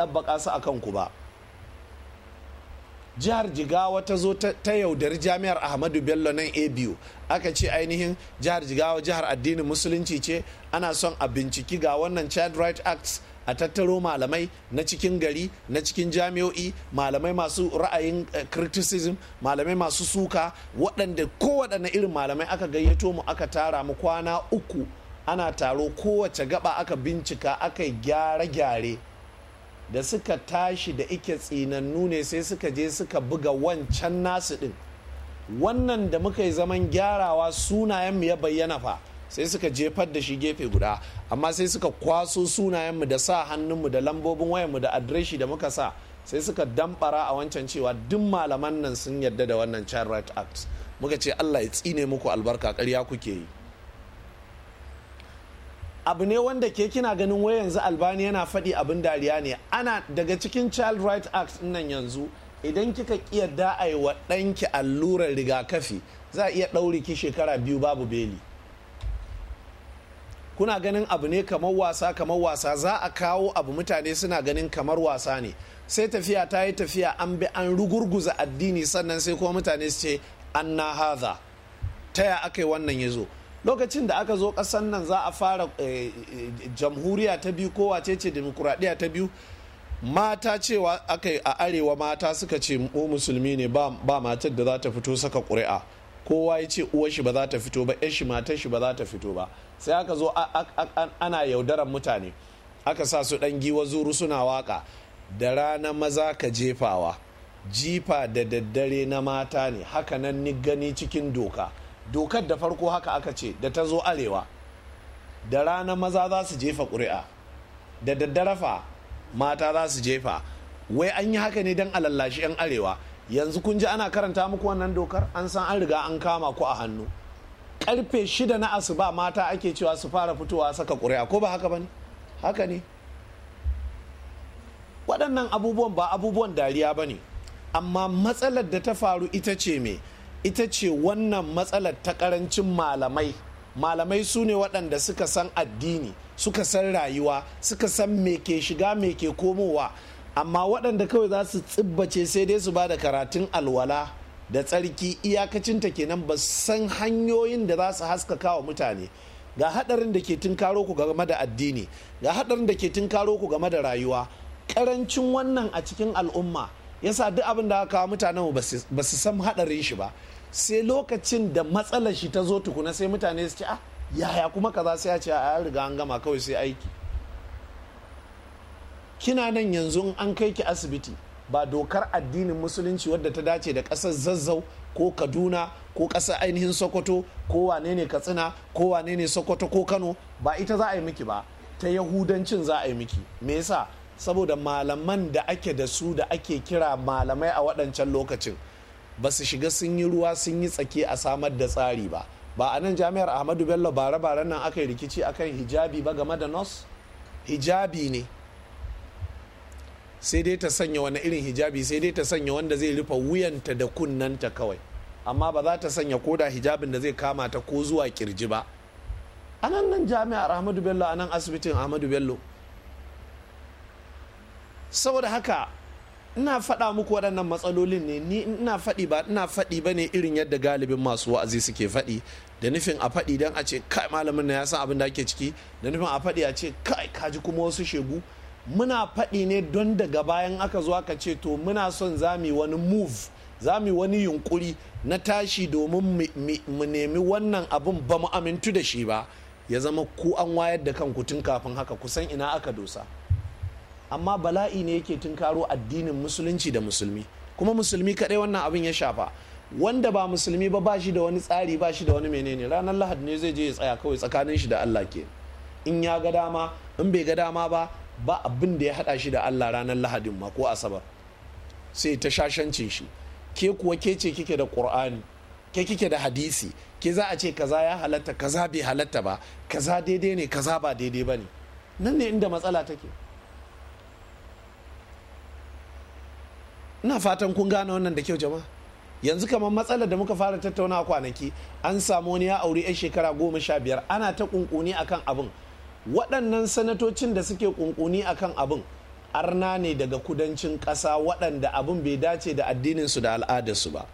ɗabbaƙa su a kanku ba jihar jigawa ta zo ta yaudari jami'ar ahmadu bello nan a biyu aka ce ainihin jihar jigawa jihar addinin musulunci ce ana son a binciki ga wannan child right acts a tattaro malamai na cikin gari na cikin jami'o'i malamai masu ra'ayin eh, criticism malamai masu suka waɗanda kowaɗanne irin malamai aka gayyato mu aka tara mu kwana uku ana taro kowace gaba aka bincika aka gyare-gyare da suka tashi da ike tsinannu ne sai suka je suka buga wancan nasu ɗin wannan da muka yi zaman gyarawa sunayenmu ya bayyana fa sai suka jefar da shi gefe guda amma sai suka kwaso sunayenmu da sa hannunmu da lambobin wayanmu da adireshi da muka sa sai suka dambara a wancan cewa duk malaman nan sun yarda da wannan child right act muka ce allah ya tsine muku albarka karya kuke yi abu ne wanda ke kina ganin wai yanzu albani yana faɗi abin dariya ne ana daga cikin child right act nan yanzu idan kika kiyarda a yi wa ɗanki allurar rigakafi za a iya ɗauri ki shekara biyu babu beli kuna ganin abu ne kamar wasa kamar wasa za a kawo abu mutane suna ganin kamar wasa ne sai tafiya ta yi tafiya an bi an rugurguza addini sannan sai kuma mutane su ce an na haza ta ya aka yi wannan ya zo lokacin da aka zo ƙasar nan za a fara eh, eh, jamhuriya ta biyu ko wace ce demokuraɗiyya ta biyu mata cewa aka a arewa mata suka ce mu musulmi ne ba matar da za ta fito saka ƙuri'a kowa ya ce uwar shi ba za ta fito ba yan shi matar shi ba za ta fito ba sai aka zo ana yaudaran mutane aka sa su ɗan giwa zuru suna waka da rana maza ka jefawa jifa da daddare na mata ne haka nan ni gani cikin doka dokar da farko haka aka ce da ta zo arewa da rana maza za su jefa ƙuri'a da daddare fa mata za su jefa wai an yi haka ne don alallashi 'yan arewa yanzu kun ji ana karanta muku wannan dokar an san an riga an kama ku a hannu karfe shida na asuba mata ake cewa su fara fitowa saka ƙuri'a ko ba haka ba ne haka ne waɗannan abubuwan ba abubuwan dariya ba ne amma matsalar da ta faru ita ce mai ita ce wannan matsalar ta karancin malamai malamai su ne waɗanda suka san addini suka san rayuwa suka san me ke shiga me ke komowa amma waɗanda kawai za su tsibbace sai dai su ba da karatun alwala da tsarki iyakacinta kenan ba san hanyoyin da za su haskaka wa mutane ga haɗarin da ke tunkaro ku game da addini ga haɗarin da ke tunkaro ku game da rayuwa ƙarancin wannan a cikin al'umma yasa duk abin da aka kawo mutanen ba su san haɗarin shi ba sai lokacin da matsalar shi ta zo tukuna sai mutane su ce ah yaya kuma kaza sai ya ce a ah, riga an gama kawai sai aiki kina nan yanzu an kai ki asibiti ba dokar addinin musulunci wadda ta dace da ƙasar zazzau ko kaduna ko ƙasar ainihin sokoto ko wane ne katsina ko wane ne sokoto ko kano ba ita za a yi miki ba ta yahudancin za a yi miki me yasa saboda malaman da ake da su da ake kira malamai a waɗancan lokacin ba su shiga sun yi ruwa sun yi tsaki a samar da tsari ba ba a nan jami'ar ahmadu bello bare-baren nan aka yi rikici akan hijabi ba game da nos hijabi ne sai dai ta sanya wani irin hijabi sai dai ta sanya wanda zai rufe wuyanta da kunnanta kawai amma ba za ta sanya koda hijabin da zai kama ta ko zuwa kirji ba a nan nan jami'ar ahmadu bello a nan asibitin ahmadu bello saboda haka ina faɗa muku waɗannan matsalolin ne ni ina faɗi ba ina faɗi ba ne irin yadda galibin masu wa'azi suke faɗi da nufin a faɗi don a ce kai malamin na ya san abin da ake ciki da nufin a faɗi a ce kai kaji kuma wasu shegu muna faɗi ne don daga bayan aka zo aka ce to muna son zami wani move zami wani yunkuri na tashi domin mu nemi wannan abin ba mu amintu da shi ba ya zama ku an wayar da kanku tun kafin haka kusan ina aka dosa. amma bala'i ne yake tunkaro addinin musulunci da musulmi kuma musulmi kaɗai wannan abin ya shafa wanda ba musulmi ba ba shi da wani tsari ba shi da wani menene ranar lahadi ne zai je ya tsaya kawai tsakanin shi da Allah ke in ya ga dama in bai ga dama ba ba abin da ya hada shi da Allah ranar lahadin ma ko asabar sai ta shashancin shi ke kuwa ke ce kike da qur'ani ke kike da hadisi ke za a ce kaza ya halatta kaza bai halatta ba kaza daidai ne kaza ba daidai ba ne nan ne inda matsala take ina fatan kun gane wannan da kyau jama'a yanzu kamar matsalar da muka fara tattauna kwanaki an samu wani ya auri 'yan shekara goma sha biyar ana ta kunkuni akan abin waɗannan sanatocin da suke kunkuni akan abin arna ne daga kudancin ƙasa waɗanda abin bai dace da addininsu da al'adarsu ba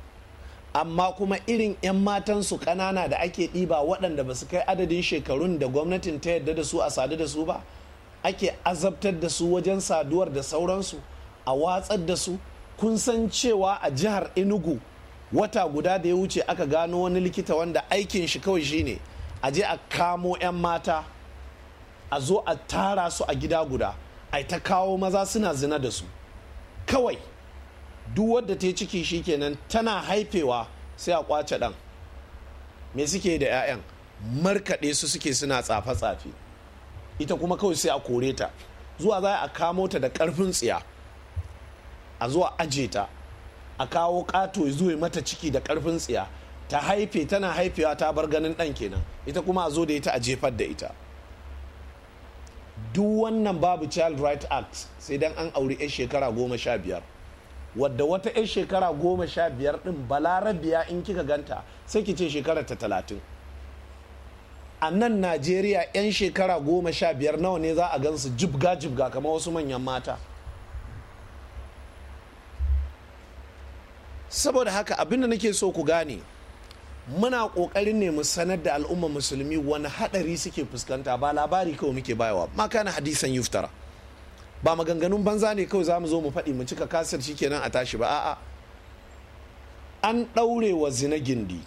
amma kuma irin 'yan matan su ƙanana da ake ɗiba waɗanda ba su kai adadin shekarun da gwamnatin ta yarda da su a sadu da su ba ake azabtar da su wajen saduwar da sauransu a watsar da su kun san cewa a jihar enugu wata guda da ya wuce aka gano wani likita wanda aikin shi kawai shine a je a kamo 'yan mata a zo a tara su a gida guda a ta kawo maza suna zina da su kawai duk wadda ta yi ciki kenan tana haifewa sai a kwace dan me suke da 'ya'yan markaɗe su suke suna tsafe-tsafe ita kuma kawai sai a kore ta zuwa za a kamo ta da ƙarfin tsiya a zuwa aje ta a kawo ƙato zuwa mata ciki da karfin tsiya ta haife tana haifewa ta bar ganin dan kenan ita kuma a zo da ita a jefar da ita duk wannan babu child right act sai dan an auri 'yan shekara goma sha biyar wadda wata 'yan shekara goma sha biyar ɗin balarabiya in kika ganta sai ki ce shekarar ta talatin a nan najeriya 'yan shekara goma sha biyar nawa ne za a gansu jibga jibga kamar wasu manyan mata saboda haka abin da nake so ku gane muna kokarin ne mu sanar da al'umma musulmi wani haɗari suke fuskanta ba labari kawai muke bayawa ma kana hadisan yuftara ba maganganun banza ne kawai za mu zo mu faɗi mu cika kasar shikenan a tashi ba a'a an ɗaure wa zina gindi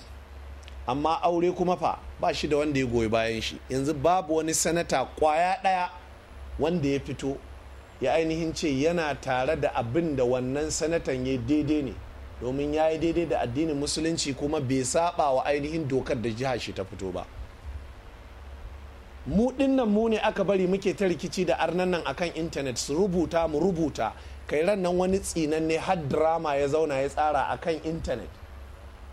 amma aure kuma fa ba shi da wanda ya goyi bayan shi yanzu babu wani sanata kwaya ɗaya wanda ya fito ya ainihin ce yana tare da abin da wannan sanatan ya daidai ne domin ya yi daidai da addinin musulunci kuma bai saba wa ainihin dokar da jiha shi ta fito ba mu dinnan mu ne aka bari muke ta rikici da arnan nan akan intanet su rubuta mu rubuta kai rannan wani tsinan ne har drama ya zauna ya tsara akan intanet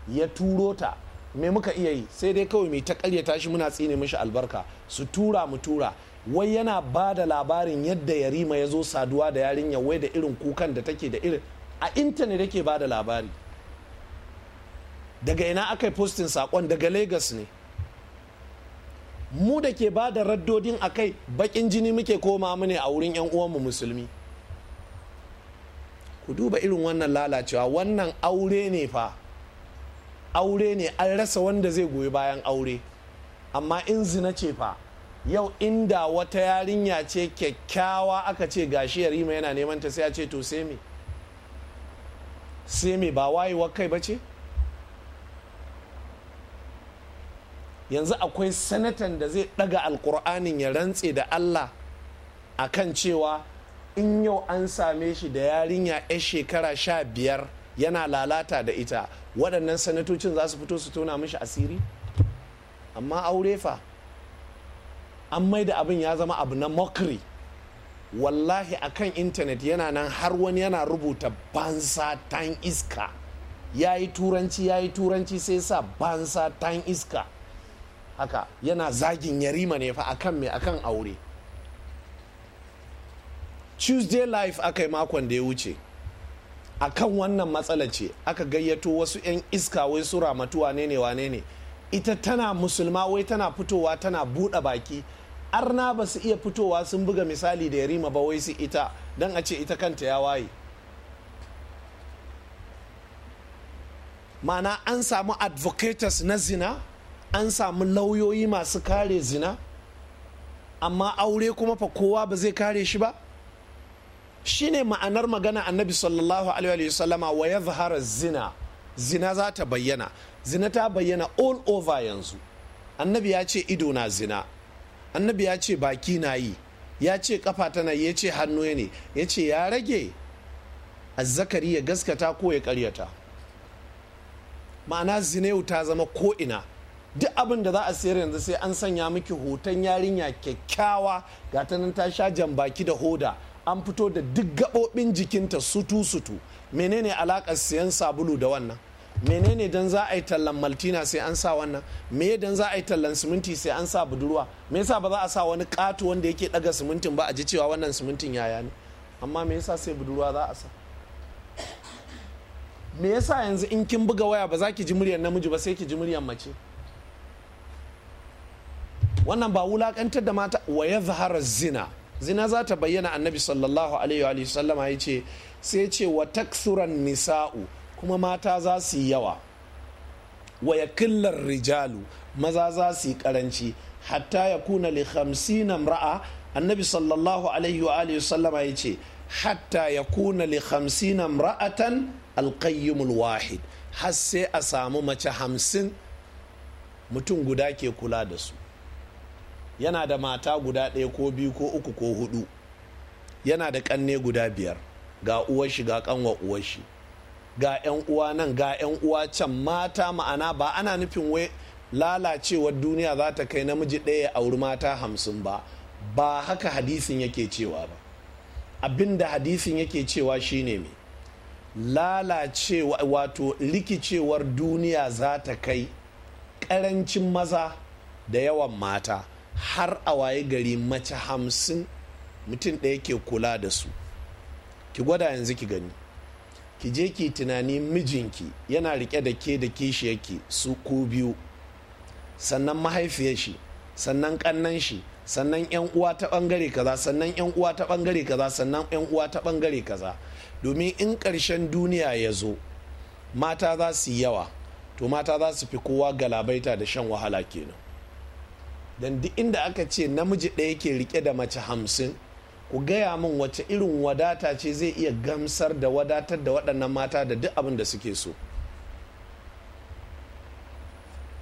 ya turo ta me muka iya yi sai dai kawai mai ta karyata shi muna tsine mishi albarka su tura mu tura wai yana ba da labarin yadda yarima ya zo saduwa da yarinya wai da irin kukan da take da irin a intanet yake ba da labari daga ina aka yi postin sakon daga lagos ne mu da ke ba da raddodin a kai baƙin jini muke koma mu ne a wurin 'yan uwanmu musulmi ku duba irin wannan lalacewa wannan aure ne fa aure ne an rasa wanda zai goyi bayan aure amma in zina ce fa yau inda wata yarinya ce kyakkyawa aka ce gashi yarima yana neman ta sai ya ce to sai me sai mai ba wayewar kai ba ce yanzu akwai sanatan da zai daga alkur'anin ya rantse da allah a kan cewa in yau an same shi da yarinya 'yar shekara sha biyar yana lalata da ita waɗannan sanatocin za su fito su tona mashi asiri amma aure fa an mai da abin ya zama abu na mokri wallahi a kan intanet yana nan har wani yana rubuta bansa tan iska ya yi turanci ya yi turanci sai sa bansa tan iska haka yana zagin yarima ne fa akan mai akan aure tuesday life aka yi makon da ya wuce akan wannan matsala ce aka gayyato wasu 'yan iska wai su ramatu wane ne wane ne ita tana musulma wai tana fitowa tana buɗe baki arna ba su iya fitowa sun buga misali da yarima ba wai su ita don a ce ita kanta ya waye ma'ana an samu advocates na zina an samu lauyoyi masu kare zina amma aure kuma fa kowa ba zai kare shi ba shine ma'anar magana annabi sallallahu alaihi sallama wa ya zahara zina zina za ta bayyana zina ta bayyana all over yanzu annabi ya ce ido na zina annabi ya ce baki na yi ya ce kafa tana ya ce hannu ne ya ce ya rage azzakari ya gaskata ko ya karyata ma'ana zinewu ta zama ko'ina duk abin da za a sayar yanzu sai an sanya miki hoton yarinya kyakkyawa ga ta nan ta sha jan baki da hoda an fito da duk gaɓoɓin jikinta sutu-sutu menene alaƙar siyan sabulu da wannan menene dan za a yi tallan maltina sai an sa wannan me dan za a yi tallan siminti sai an sa budurwa me yasa ba za a sa wani ƙato wanda yake daga simintin ba a ji cewa wannan simintin yaya ne amma me yasa sai budurwa za a sa me yasa yanzu in kin buga waya ba za ki ji muryar namiji ba sai ki ji muryar mace wannan ba wulakantar da mata wa ya zahara zina zina za ta bayyana annabi sallallahu alaihi wa sallama ya ce sai ce wa taksuran nisa'u kuma mata za su yi yawa waya killar rijalu maza za su yi karanci hatta ya kuna li hamsina mra'a annabi sallallahu alaihi wa alihi sallama ya ce hatta ya kuna li hamsina mra'atan alqayyimul wahid har sai a samu mace hamsin mutum guda ke kula da su yana da mata guda ɗaya ko biyu ko uku ko hudu yana da ƙanne guda biyar ga uwar shi ga ƙanwa uwar shi ga 'yan uwa nan ga 'yan uwa can mata ma'ana ba ana nufin wai lalacewar duniya za ta kai namiji ɗaya auri mata hamsin ba ba haka hadisin yake cewa ba abin da hadisin yake cewa shine me lalacewa wato rikicewar duniya za ta kai ƙarancin maza da yawan mata har a waye gari mace hamsin mutum ɗaya ke kula da su ki gwada yanzu ki gani ki je ki tunani mijinki yana rike da ke da kishiyarki su ko biyu sannan mahaifiyar shi sannan kannan shi sannan yan uwa ta bangare kaza sannan yan uwa ta bangare kaza sannan yan uwa ta bangare kaza domin in ƙarshen duniya ya zo mata za su yawa to mata za su fi kowa galabaita da shan wahala kenan dan duk inda aka ce namiji ɗaya ke rike da mace hamsin ku gaya min wace irin wadata ce zai iya gamsar da wadatar da waɗannan mata da duk abin da suke so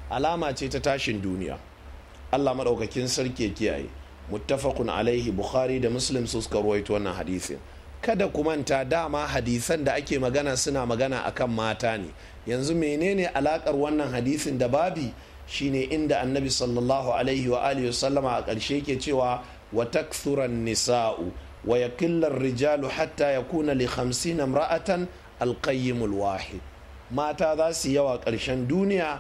alama ce ta tashin duniya allah maɗaukakin sarki kiyaye muttafaqun alaihi bukhari da muslim su suka ruwaito wannan hadisin kada ku manta dama hadisan da ake magana suna magana akan mata ne yanzu menene alakar wannan hadisin da babi shine inda annabi sallallahu alaihi wa alihi sallama a ƙarshe ke cewa wa takthura nisa'u wa yaqilla rijalu hatta ya li 50 imra'atan al-qayyim wahid mata za su yawa ƙarshen duniya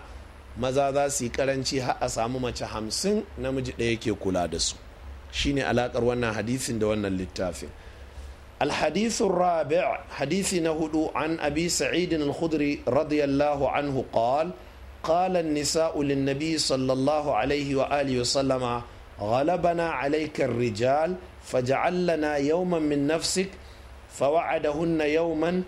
maza za su yi karanci har a samu mace hamsin namiji ɗaya ke kula da su shine alaƙar wannan hadisin da wannan littafin الحديث الرابع حديث na عن an abi الخدري رضي الله عنه قال قال النساء للنبي صلى الله عليه وآله وسلم غلبنا عليك الرجال فاجعل لنا يوما من نفسك فوعدهن يوما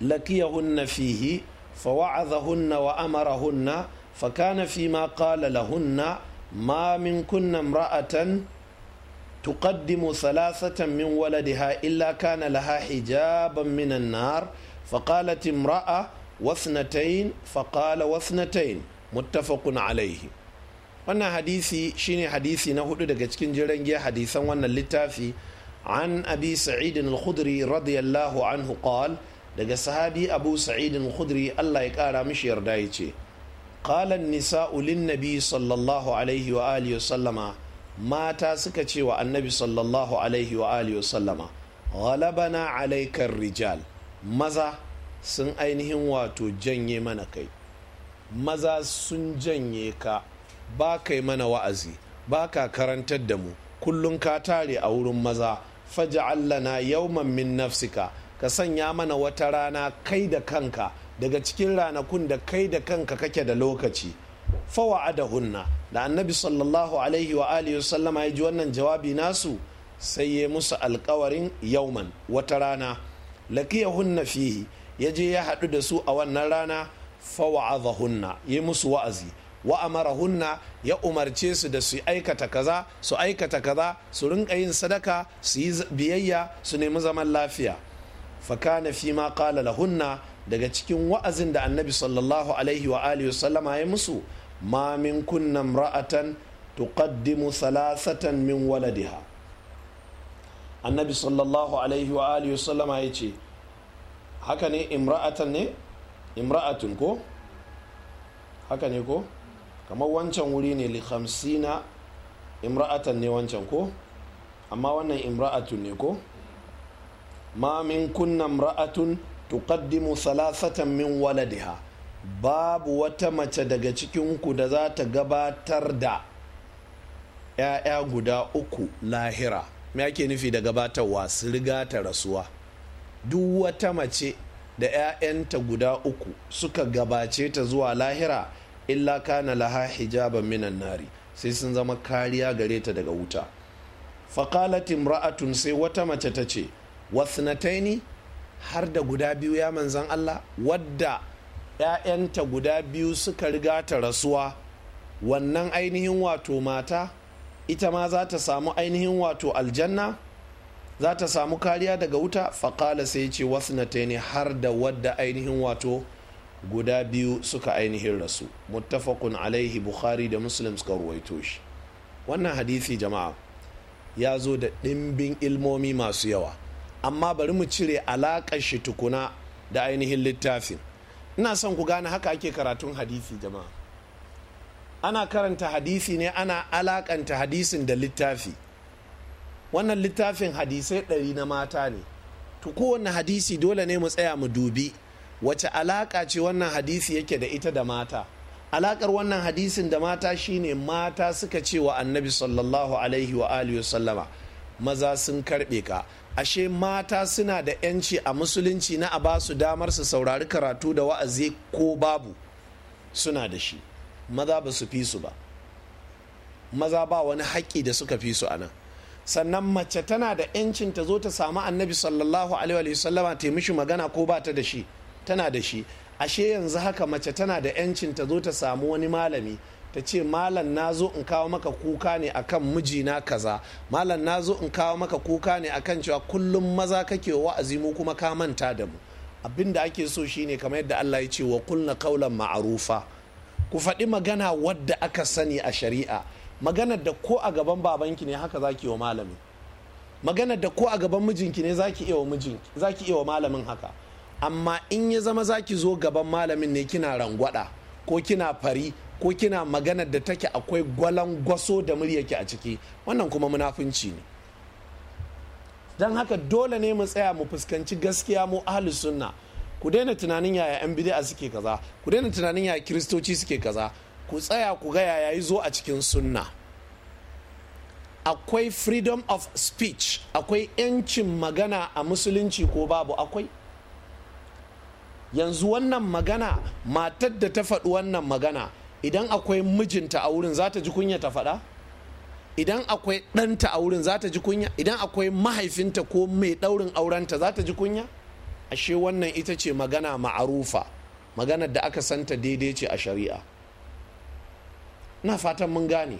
لقيهن فيه فوعظهن وأمرهن فكان فيما قال لهن ما منكن امرأة تقدم ثلاثة من ولدها إلا كان لها حجابا من النار فقالت امرأة واثنتين فقال واثنتين متفق عليه wannan hadisi shine hadisi na hudu daga cikin jiran hadisan wannan littafi an abi sa'idin al-khudri radiyallahu anhu qal daga sahabi abu sa'idin al-khudri Allah ya kara mishi yarda yace qala an-nisa'u lin-nabi sallallahu alaihi wa alihi sallama mata suka ce wa annabi sallallahu alaihi wa alihi sallama ghalabana alayka rijal maza sun ainihin wato janye mana kai maza sun janye ka ba ka yi mana wa'azi ba ka karantar da mu kullum ka tare a wurin maza faja'allana yawman min nafsika ka sanya mana wata rana kai da kanka daga cikin ranakun da kai da kanka kake da lokaci hunna da annabi sallallahu alaihi wa alihi sallama ya ji wannan jawabi nasu sai ya musu alkawarin yauman wata rana hunna fihi ya je ya haɗu da su a wannan rana hunna ya musu wa'azi wa amarahunna ya umarce su da su aikata kaza su aikata kaza su rinka yin sadaka su yi biyayya su nemi zaman lafiya fakana fi ma qala lahunna daga cikin wa'azin da annabi sallallahu alaihi wa alihi sallama ya musu ma min kunna ra'atan tuqaddimu salasatan min waladiha annabi sallallahu alaihi wa alihi sallama ya ce haka ne imra'atan ne imra'atun ko haka ne ko kamar wancan wuri ne li imra'atan ne wancan ko amma wannan imra'atun ne ko ma min kunna imra'atun tuqaddimu salasatan min waladiha babu wata mace daga cikin ku da za ta gabatar da 'ya'ya guda uku lahira me ake nufi da gabatarwa su riga ta rasuwa duk wata mace da 'ya'yanta guda uku suka gabace ta zuwa lahira illa kana laha hijaban minan nari sai sun zama kariya gare ta daga wuta faƙalat imra'atun sai wata mace ta ce wasnataini har da guda biyu ya manzan Allah wadda ‘ya'yanta guda biyu suka riga ta rasuwa wannan ainihin wato mata ita ma za ta samu ainihin wato aljanna za ta samu kariya daga wuta faƙala sai ce wasnataini har da wadda ainihin wato guda biyu suka ainihin rasu muttafaqun alaihi bukhari da muslim suka ruwaito shi wannan hadisi jama'a ya zo da ɗimbin ilmomi masu yawa amma bari mu cire alaƙar shi tukuna da ainihin littafin ina son ku gane haka ake karatun hadisi jama'a ana karanta hadisi ne ana alaƙanta hadisin da littafi wannan littafin hadisai ɗari na mata ne to kowane hadisi dole ne mu tsaya mu dubi wace alaƙa ce wannan hadisi yake da ita da mata alaƙar wannan hadisin da mata shine mata suka ce wa annabi sallallahu alaihi wa alihi sallama maza sun karɓe ka ashe mata suna da 'yanci a musulunci na a ba su damar su saurari karatu da wa'azi ko babu suna da shi maza ba su fi su ba maza ba wani haƙƙi da suka fi su anan. sannan mace tana da 'yancin ta zo ta samu annabi sallallahu alaihi sallama ta mishi magana ko ba ta da shi tana da shi ashe yanzu haka mace tana da 'yancin ta zo ta samu wani malami ta ce malam na zo in kawo maka kuka ne akan mijina kaza malam na zo in kawo maka kuka ne akan cewa kullum maza kake wa'azi mu kuma ka manta da mu abin da ake so shine kamar yadda Allah ya ce wa kulna kaulan ma'arufa ku faɗi magana wadda aka sani a shari'a magana da ko a gaban babanki ne haka zaki wa malami magana da ko a gaban mijinki ne zaki iya wa malamin haka amma in ya zama za ki zo gaban malamin ne kina rangwada ko kina fari ko kina magana da take akwai gwaso da muryarki a ciki wannan kuma munafunci ne don haka dole ne mu tsaya mu fuskanci gaskiya mu ahli sunna ku daina tunanin yaya yan bid'a suke kaza ku daina tunanin yaya kiristoci suke kaza ku tsaya ku ga yaya yi zo a cikin sunna akwai freedom of speech akwai 'yancin magana a musulunci ko babu akwai yanzu wannan magana matar da ta faɗi wannan magana idan akwai mijinta a wurin za ta ji kunya ta faɗa idan akwai ɗanta a wurin za ta ji kunya idan akwai mahaifinta ko mai ɗaurin aurenta za ta ji kunya ashe wannan ita ce magana ma'arufa maganar da aka santa daidai ce a shari'a na fatan mun gane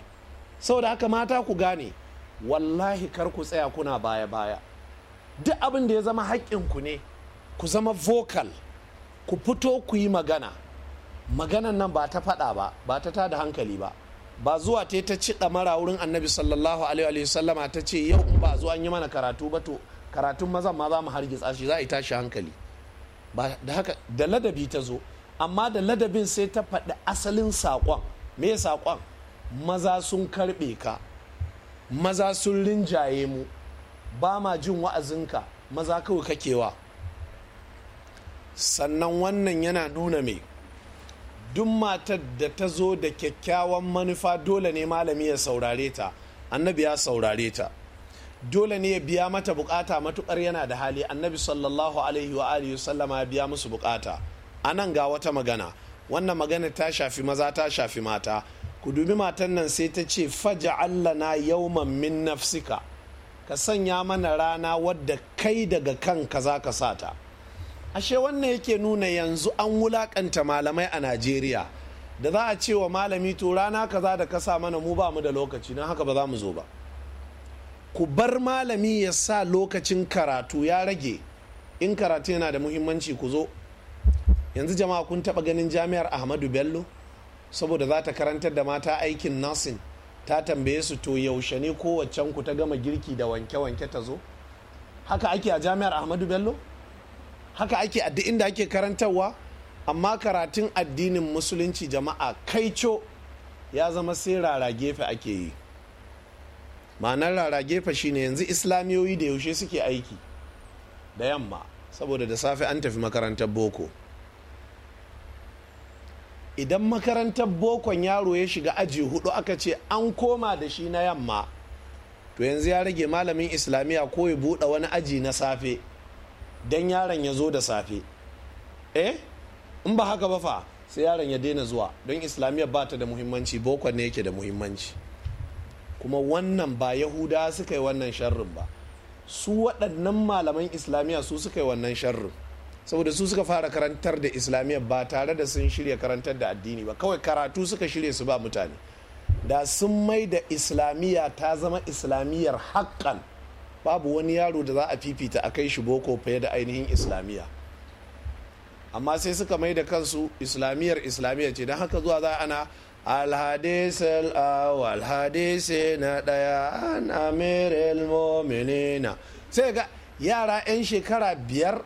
saboda haka mata ku gane wallahi kar ku tsaya kuna baya-baya duk abin da ya zama haƙƙinku ne ku zama vocal ku fito ku yi magana maganan nan ba ta faɗa ba ba ta tada hankali ba ba zuwa ta ta ci ɗamara wurin annabi sallallahu alaihi sallama ta ce yau in ba zuwa an yi mana karatu ba to karatun mazan ma za mu hargitsa shi za a yi tashi hankali ba da haka da ladabi ta zo amma da ladabin sai ta faɗi asalin saƙon me saƙon maza sun karɓe ka maza sun rinjaye mu ba ma jin wa'azinka maza kawai kakewa sannan wannan yana nuna mai duk matar da ta zo da kyakkyawan manufa dole ne malami ya saurare ta annabi ya saurare ta dole ne ya biya mata bukata matukar yana da hali annabi sallallahu alaihi wa alihi sallama ya biya musu bukata anan ga wata magana wannan magana ta shafi maza ta shafi mata ku dubi matan nan sai ta ce faja allana yawman min nafsika ka sanya mana rana wadda kai daga kanka za ka sa ta." ashe wannan yake nuna yanzu an wulakanta malamai a najeriya da za a ce wa malami to rana kaza da kasa mana mu ba mu da lokaci na haka ba za mu zo ba ku bar malami ya sa lokacin karatu ya rage in karatu yana da muhimmanci ku zo yanzu jama'a kun taba ganin jami'ar ahmadu bello saboda za ta karantar da mata aikin nursing ta tambaye su to yaushe ne kowacen ku ta gama girki da wanke-wanke ta zo haka ake a jami'ar ahmadu bello haka ake addinin da inda ake karantarwa amma karatun addinin musulunci jama'a kaico ya zama sai rara gefe ake yi ma'anar rara gefe shine yanzu islamiyoyi da yaushe suke aiki da yamma saboda da safe an tafi makarantar boko idan makarantar bokon yaro ya shiga aji hudu aka ce an koma da shi na yamma to yanzu ya rage malamin islamiyya ko ya buɗe wani aji na safe don yaron ya zo da safe eh in ba haka ba fa sai yaron ya daina zuwa don islamiyya ba ta da muhimmanci boko ne yake da muhimmanci kuma wannan ba yahuda suka yi wannan sharrin ba su waɗannan malaman islamiyya su suka yi wannan sharrin saboda su suka fara karantar da islamiyya ba tare da sun shirya karantar da addini ba kawai karatu suka shirya su ba mutane da sun mai da islamiyya ta zama islamiyyar haƙƙan babu wani yaro da za a fifita a kai shi boko fiye da ainihin islamiyya amma sai suka mai da kansu islamiyyar islamiyya ce don haka zuwa za ana alhadisal awal hadisi na daya an amiril mominina sai ga yara 'yan shekara biyar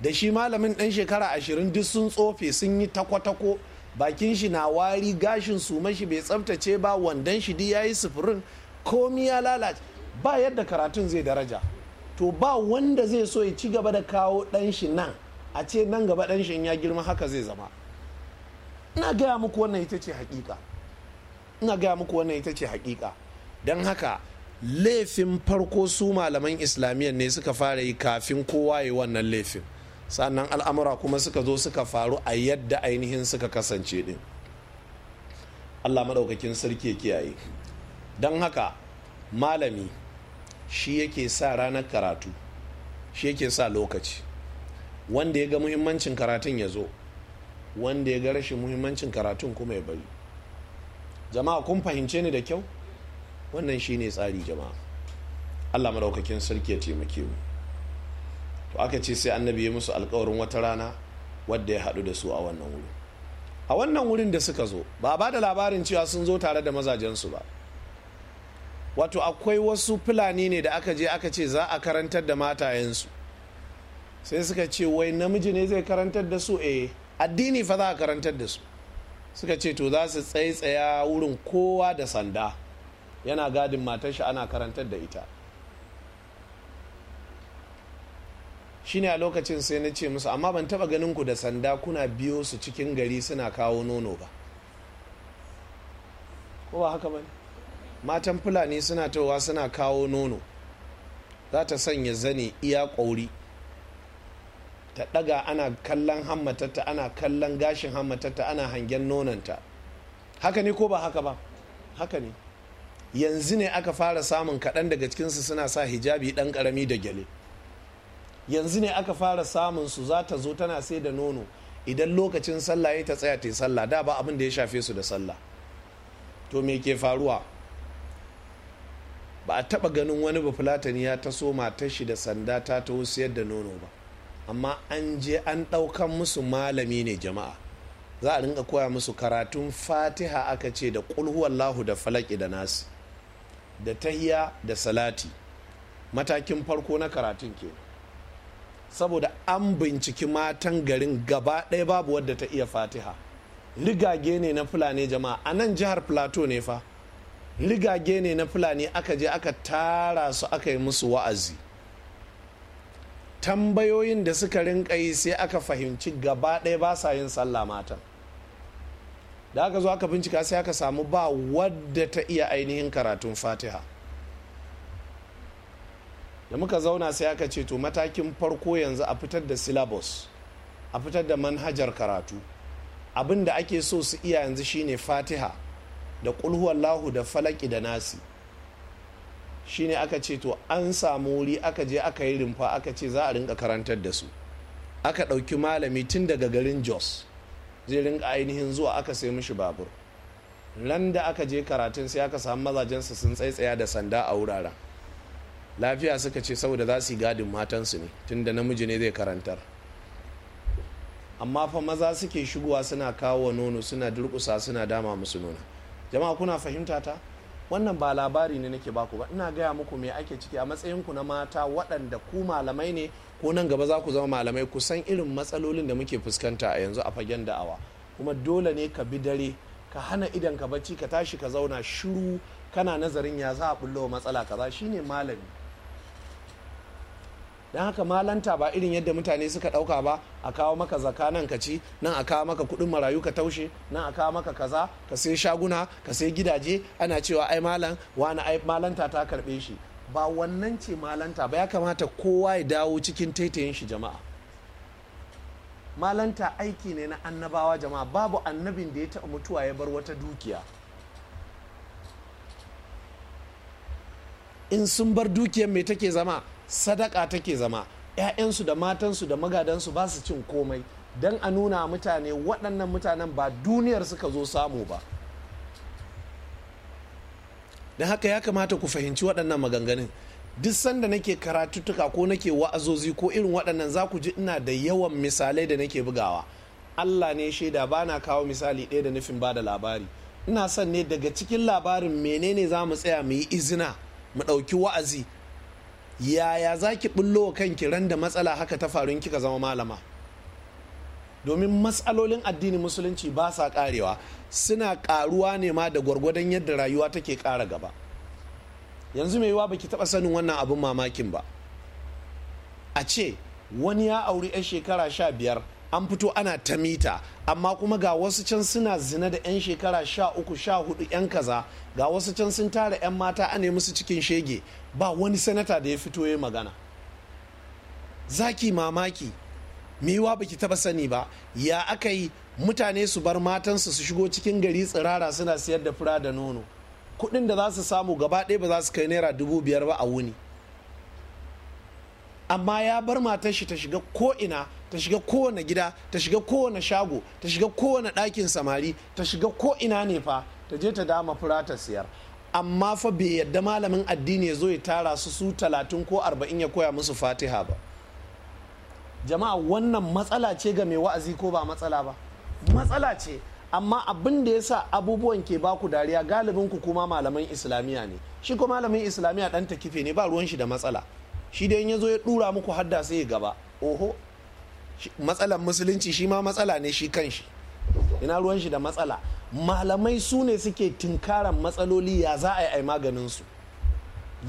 da shi malamin ɗan shekara ashirin duk sun tsofe sun yi takwatako bakin shi na wari gashin su mashi bai tsaftace ba wandan shi duk ya yi sufurin komi ya lalace ba yadda karatun zai daraja to ba wanda zai so ya ci gaba da kawo ɗan nan a ce nan gaba danshin ya girma haka zai zama ina gaya muku wannan ita ce hakika ina gaya muku wannan ita ce hakika don haka laifin farko su malaman islamiyya ne suka fara yi kafin kowa yi wannan laifin sannan al'amura kuma suka zo suka faru a yadda ainihin suka kasance din allah maɗaukakin sarki kiyaye don haka malami shi yake sa ranar karatu shi yake sa lokaci wanda ya ga muhimmancin karatun ya zo wanda ya ga rashin muhimmancin karatun kuma ya bari jama'a kun fahimce ni da kyau wannan shi ne tsari jama'a allah madaukakin sarki ya taimake mu to aka ce sai annabi ya musu alkawarin wata rana wadda ya haɗu da su a wannan wurin a wannan wurin da suka zo ba ba da labarin cewa sun zo tare da mazajensu ba wato akwai wasu fulani ne da aka je aka ce za a karantar da matayensu sai suka ce wai namiji ne zai karantar da su eh addini fa za a karantar da su suka ce to za su tsaye-tsaya wurin kowa da sanda yana gadin matar shi ana karantar da ita shine a lokacin sai na ce musu amma ban taba ganin ku da sanda kuna biyo su cikin gari suna kawo nono ba ko ba haka bane matan fulani suna towa suna kawo nono za ta sanya zane iya ƙauri ta ɗaga ana kallon hammatata ana kallon gashin hammatata ana hangen nonanta haka ne ko ba haka ba haka ne yanzu ne aka fara samun kaɗan daga cikinsu suna sa hijabi ɗan ƙarami da gyale yanzu ne aka fara samun su za ta zo tana sai da nono idan lokacin sallah ya ta tsaya ta yi sallah da ba abin da ya shafe su da sallah to me ke faruwa ba a taba ganin wani ba fulatani ya taso matar shi da sanda ta taho siyar da nono ba amma an je an ɗaukan musu malami ne jama'a za a rinka koya musu karatun fatiha aka ce da kulhuwallahu da falaki da nasi da tahiya da salati matakin farko na karatun ke saboda an binciki matan garin gaba ɗaya babu wadda ta iya fatiha rigage ne na fulani jama'a a nan jihar plateau ne fa rigage ne na fulani aka je aka tara su aka yi musu wa'azi tambayoyin da suka rinka yi sai aka fahimci gaba ɗaya ba sa yin sallah matan da aka zo aka bincika sai aka samu ba wadda ta iya ainihin karatun fatiha da muka zauna sai aka ce to matakin farko yanzu a fitar da syllabus a fitar da manhajar karatu abinda ake so su iya yanzu shine fatiha da Lahu da falaki da nasi shine aka ce to an samu wuri aka je aka yi rumfa aka ce za a rinka karantar da su aka ɗauki malami tun daga garin jos zai rinka ainihin zuwa aka sai mishi babur ran da aka je karatun sai aka samu mazajensa sun tsaitsaya da sanda a wuraren lafiya suka ce saboda za su yi gadin matansu ne tun da namiji ne zai karantar amma fa maza suke shigowa suna kawo nono suna durƙusa suna dama musu nuna jama'a kuna fahimta ta wannan ba labari ne nake baku ba ina gaya muku me ake ciki a matsayin ku na mata waɗanda ku malamai ne ko nan gaba za ku zama malamai ku san irin matsalolin da muke fuskanta a yanzu a fagen da'awa kuma dole ne ka bi dare ka hana idan ka bacci ka tashi ka zauna shiru kana nazarin ya za a bullo matsala kaza shine malami don haka malanta ba irin yadda mutane suka ɗauka ba a kawo maka zaka nan ka ci nan a kawo maka kudin marayu ka taushe nan a kawo maka kaza ka sai shaguna ka sai gidaje ana cewa ai malam wani ai malanta ta karbe shi ba wannan ce malanta ba ya kamata kowa ya dawo cikin taitayin shi jama'a malanta aiki ne na annabawa jama'a babu annabin da ya taɓa mutuwa ya bar wata dukiya in sun bar dukiyar mai take zama sadaka take zama 'ya'yansu da matansu da magadansu ba su cin komai don a nuna mutane waɗannan mutanen ba duniyar suka zo samu ba don haka ya kamata ku fahimci waɗannan maganganun duk sanda nake karatuttuka ko nake wa'azozi ko irin waɗannan za ku ji ina da yawan misalai da nake bugawa allah ne shaida ba na kawo misali ɗaya da nufin ba da labari ina son ne daga cikin labarin menene za mu tsaya mu yi izina mu ɗauki wa'azi yaya za ki bullo kanki ran da matsala haka ta faru kika zama malama domin matsalolin addinin musulunci ba sa karewa suna karuwa ne ma da gwargwadon yadda rayuwa take kara gaba yanzu mai yiwa baki taba sanin wannan abin mamakin ba a ce wani ya auri 'yan shekara sha biyar an fito ana ta mita amma kuma ga wasu can suna zina da 'yan shekara sha uku sha hudu 'yan kaza ga wasu can sun tara 'yan mata a ne musu cikin shege ba wani sanata da ya fito ya magana zaki mamaki miwa baki taba sani ba ya aka yi mutane su bar matansu su shigo cikin gari tsirara suna siyar da fura da nono kudin da za su samu gaba ɗaya ba za su kai naira dubu biyar ba a wuni amma ya bar matar shi ta shiga ko'ina ta shiga kowane gida ta shiga kowane shago ta shiga kowane ɗakin samari ta shiga ko'ina ne fa ta je ta dama fura ta siyar amma fa bai yadda malamin addini ya zo ya tara su su talatin ko arba'in ya koya musu fatiha ba jama'a wannan matsala ce ga mai wa'azi ko ba matsala ba matsala ce amma abin da ya sa abubuwan ke baku dariya galibin ku kuma malaman islamiyya ne shi ko malamin islamiyya dan kife ne ba ruwan shi da matsala shi da ya zo ya dura muku hadda sai ya gaba oho matsalan musulunci shi ma matsala ne shi kan shi. ina ruwan shi da matsala malamai su ne suke tinkaran matsaloli ya za a yi a maganin su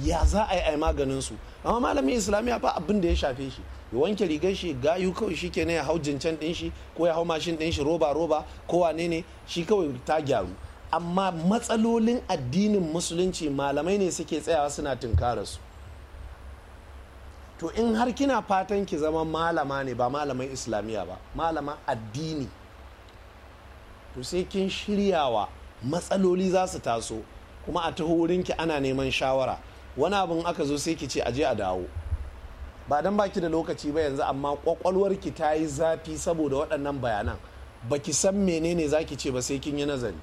ya za a yi a maganin su amma malamin islamiyya fa abin da ya shafe shi ya wanke rigar shi gayu kawai shi ke ya hau jincan din shi ko ya hau mashin din shi roba roba ko wane ne shi kawai ta gyaru amma matsalolin addinin musulunci malamai ne suke tsayawa suna tinkara su to in har kina fatan ki zama malama ne ba malamai islamiya ba malama addini to sai kin shiryawa matsaloli za su taso kuma a taho wurinki ana neman shawara wani abin aka zo sai ki ce aje a dawo ba dan baki da lokaci ba yanzu amma kwakwalwarki ta yi zafi saboda waɗannan bayanan baki san menene za ki ce ba sai kin yi nazari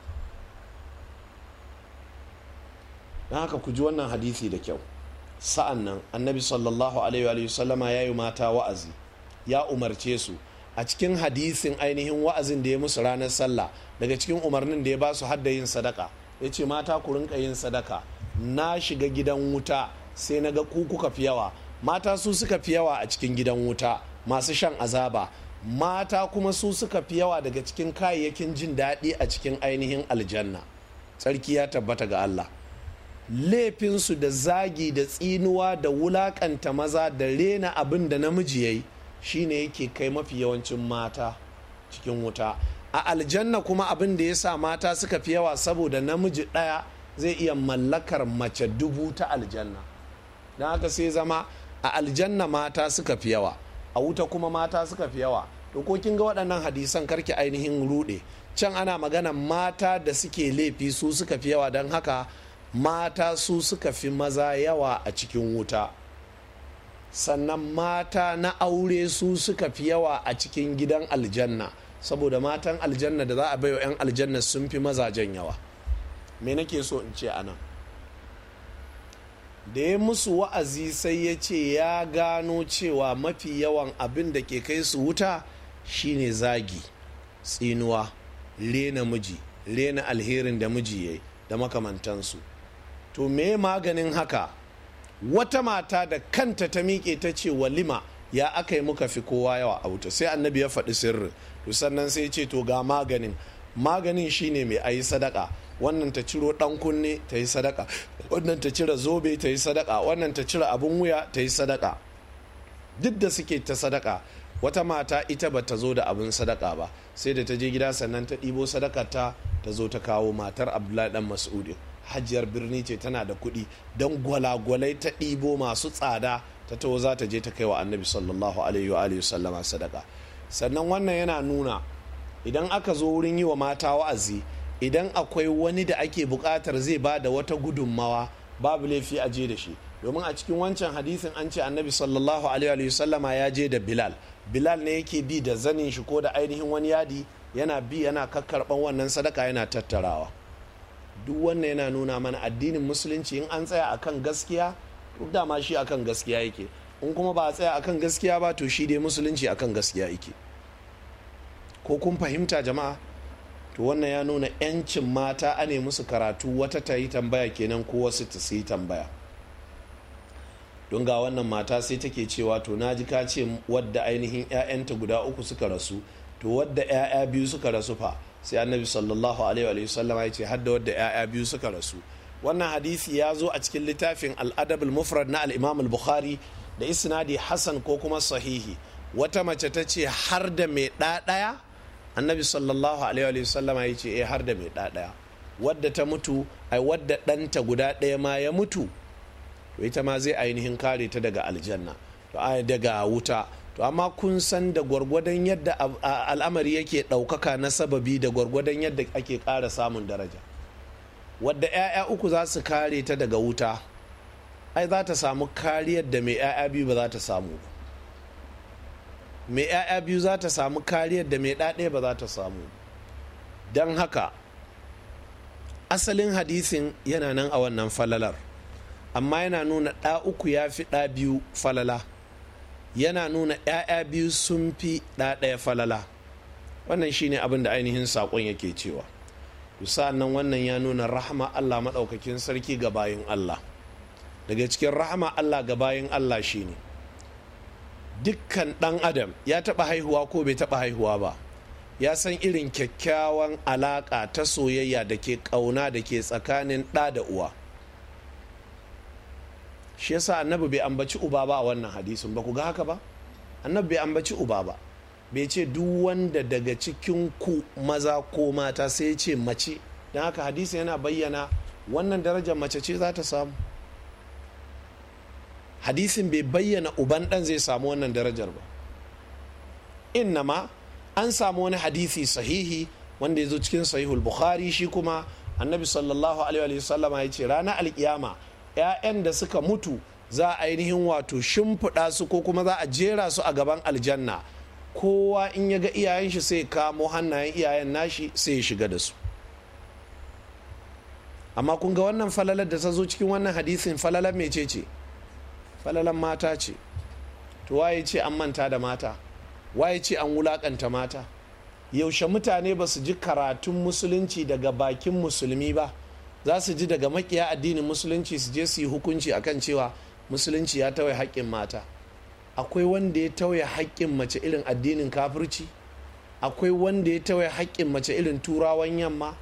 don haka ku ji wannan hadisi da kyau sa'an nan annabi sallallahu alaihi wa sallama ya yi mata wa'azi ya umarce su a cikin hadisin ainihin wa'azin da ya musu ranar sallah daga cikin umarnin da ya ba su hadda yin sadaka ya ce mata ku rinka yin sadaka na shiga gidan wuta sai na ga kuka fi yawa mata su suka fi yawa a cikin gidan wuta masu shan azaba mata kuma su suka fi yawa daga cikin kayayyakin jin daɗi a cikin ainihin aljanna tsarki ya tabbata ga allah laifinsu da zagi da tsinuwa da wulakanta maza da rena abin da namiji ya yi Shi ne yake kai mafi yawancin mata cikin wuta a aljanna kuma abin da ya sa mata suka fi yawa saboda namiji ɗaya zai iya mallakar mace dubu ta aljanna don haka sai zama a aljanna mata suka fi yawa a wuta kuma mata suka fi yawa dokokin ga waɗannan hadisan karki ainihin rude. can ana magana mata da suke laifi su suka fi yawa don haka mata su suka fi maza yawa a cikin wuta sannan mata na aure su suka fi yawa a cikin gidan aljanna saboda matan aljanna da za a baiwa 'yan aljanna sun fi mazajen yawa me nake so in ce anan da ya musu wa'azi sai ya ce ya gano cewa mafi yawan abin da ke kai su wuta shine zagi tsinuwa rena miji rena alherin da miji ya yi da makamantansu to me maganin haka wata mata da kanta ta miƙe ta ce walima ya aka yi muka fi kowa yawa a wuta sai annabi ya faɗi sirri to sannan sai ce to ga maganin maganin shine mai ayi sadaka wannan ta ciro ɗan kunne ta yi sadaka wannan ta cire zobe ta yi sadaka wannan ta cire abin wuya ta yi sadaka duk da suke ta sadaka wata mata ita ba ta zo da abin sadaka ba sai da ta je gida sannan ta ɗibo sadaka ta ta zo ta kawo matar abdullahi dan mas'udin hajiyar birni ce tana da kuɗi don gwalagwalai ta ɗibo masu tsada ta taho za ta je ta kai wa annabi sallallahu alaihi wa sallama sadaka sannan wannan yana nuna idan aka zo wurin yi wa mata wa'azi idan akwai wani da ake buƙatar zai ba da wata gudunmawa babu laifi a je da shi domin a cikin wancan hadisin an ce annabi sallallahu alaihi sallama ya je da bilal bilal ne yake bi da zanin shi ko da ainihin wani yadi yana bi yana kakkarɓan wannan sadaka yana tattarawa duk wannan yana nuna mana addinin musulunci in an tsaya akan gaskiya to dama shi akan gaskiya yake in kuma ba a tsaya akan gaskiya ba to shi dai musulunci akan gaskiya yake ko kun fahimta jama'a to wannan ya nuna 'yancin mata a ne musu karatu wata ta yi tambaya kenan ko wasu ta yi tambaya don ga wannan mata sai take cewa to na ji ka ce wadda ainihin 'ya'yanta guda uku suka rasu to wadda 'ya'ya biyu suka rasu fa sai annabi sallallahu alaihi wa sallama ya ce hadda wadda 'ya'ya biyu suka rasu wannan hadisi ya zo a cikin littafin al'adabul mufrad na al'imam al-bukhari da isnadi hasan ko kuma sahihi wata mace ta ce har da mai ɗaɗaya annabi sallallahu alaihi wa sallama ya ce eh har da mai ɗaɗaya wadda ta mutu ai wadda ɗanta guda ɗaya ma ya mutu to ita ma zai ainihin kare ta daga aljanna to daga wuta to amma kun san da gwargwadon yadda al'amari yake ɗaukaka na sababi da gwargwadon yadda ake ƙara samun daraja wadda 'ya'ya uku za su kare ta daga wuta ai za ta samu kariyar da mai 'ya'ya biyu ba za ta samu ba mai 'ya'ya biyu za ta samu kariyar da mai ɗaɗe ba za ta samu don haka asalin hadisin yana nan a wannan falalar amma yana nuna ɗa uku ya fi ɗa biyu falala yana nuna 'ya'ya biyu sun fi ɗaɗaya falala wannan shine abin da ainihin saƙon yake cewa sa'an nan wannan ya nuna rahama allah maɗaukakin sarki ga bayan allah daga cikin rahama allah ga bayan allah shi ne. dukkan ɗan adam ya taɓa haihuwa ko bai taɓa haihuwa ba ya san irin kyakkyawan alaƙa ta soyayya da ke ƙauna da ke tsakanin ɗa da uwa shi yasa annabi bai ambaci uba ba a wannan hadisin ba ku ga haka ba annabi bai ambaci uba ba bai ce duk wanda daga cikin ku maza ko mata sai ce mace don haka hadisi yana bayyana wannan darajar mace ce za ta samu hadisin bai bayyana uban dan zai samu wannan darajar ba innama an samu wani hadisi sahihi wanda ya zo cikin sahihul bukhari shi kuma annabi sallallahu alaihi wasallama ya ce ranar alkiyama 'ya'yan da suka mutu za a ainihin wato shimfiɗa su ko kuma za a jera su a gaban aljanna kowa in ya ga iyayen shi sai kamo hannayen iyayen nashi sai ya shiga da su amma kun ga wannan falalar da ta zo cikin wannan hadisin falalar mece ce falalar mata ce to waye ce an manta da mata waye ce an wulakanta mata yaushe mutane ba su ji karatun musulunci daga bakin musulmi ba za su ji daga makiya addinin musulunci su je su yi hukunci akan cewa musulunci ya tawaye haƙƙin mata akwai wanda ya tawaye haƙƙin mace irin addinin kafirci akwai wanda ya tawaye haƙƙin mace irin turawan yamma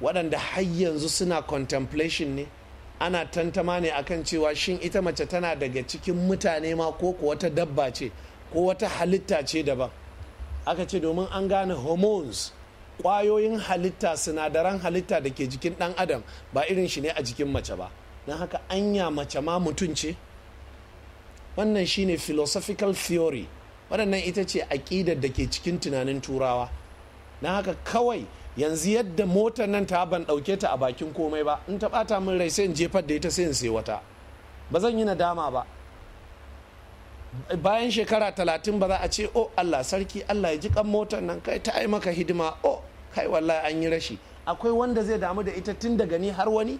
waɗanda har yanzu suna contemplation ne ana tantama ne akan cewa shin ita mace tana daga cikin mutane ma ko ko wata dabba ce ko wata halitta ce daban aka ce domin an gane hormones kwayoyin halitta sinadaran halitta da ke jikin dan adam ba irin shi ne a jikin mace ba don haka anya mace ma mutum ce wannan shine philosophical theory waɗannan ita ce aƙidar da ke cikin tunanin turawa don haka kawai yanzu yadda motar nan ta ban ɗauke ta a bakin komai ba in ta bata min rai sai in jefar da ita sai in sai wata ba zan yi nadama ba bayan shekara talatin ba za a ce o oh, allah sarki allah ya ji kan motar nan kai ta yi maka hidima o oh, kai wallahi an yi rashi akwai wanda zai damu da ita tun daga ni har wani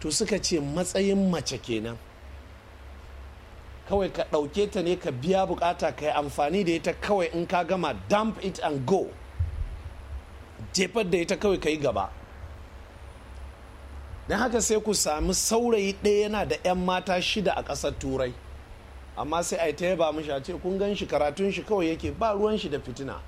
to suka ce matsayin mace kenan kawai ka ɗauke ta ne ka biya bukata ka yi amfani da ita kawai in ka gama dump it and go jefar da ita kawai ka yi gaba don haka sai ku sami saurayi ɗaya yana da 'yan mata shida a ƙasar turai amma sai a yi ta yaba mishi a ce kun gan shi karatun shi kawai yake ba ruwan shi da fitina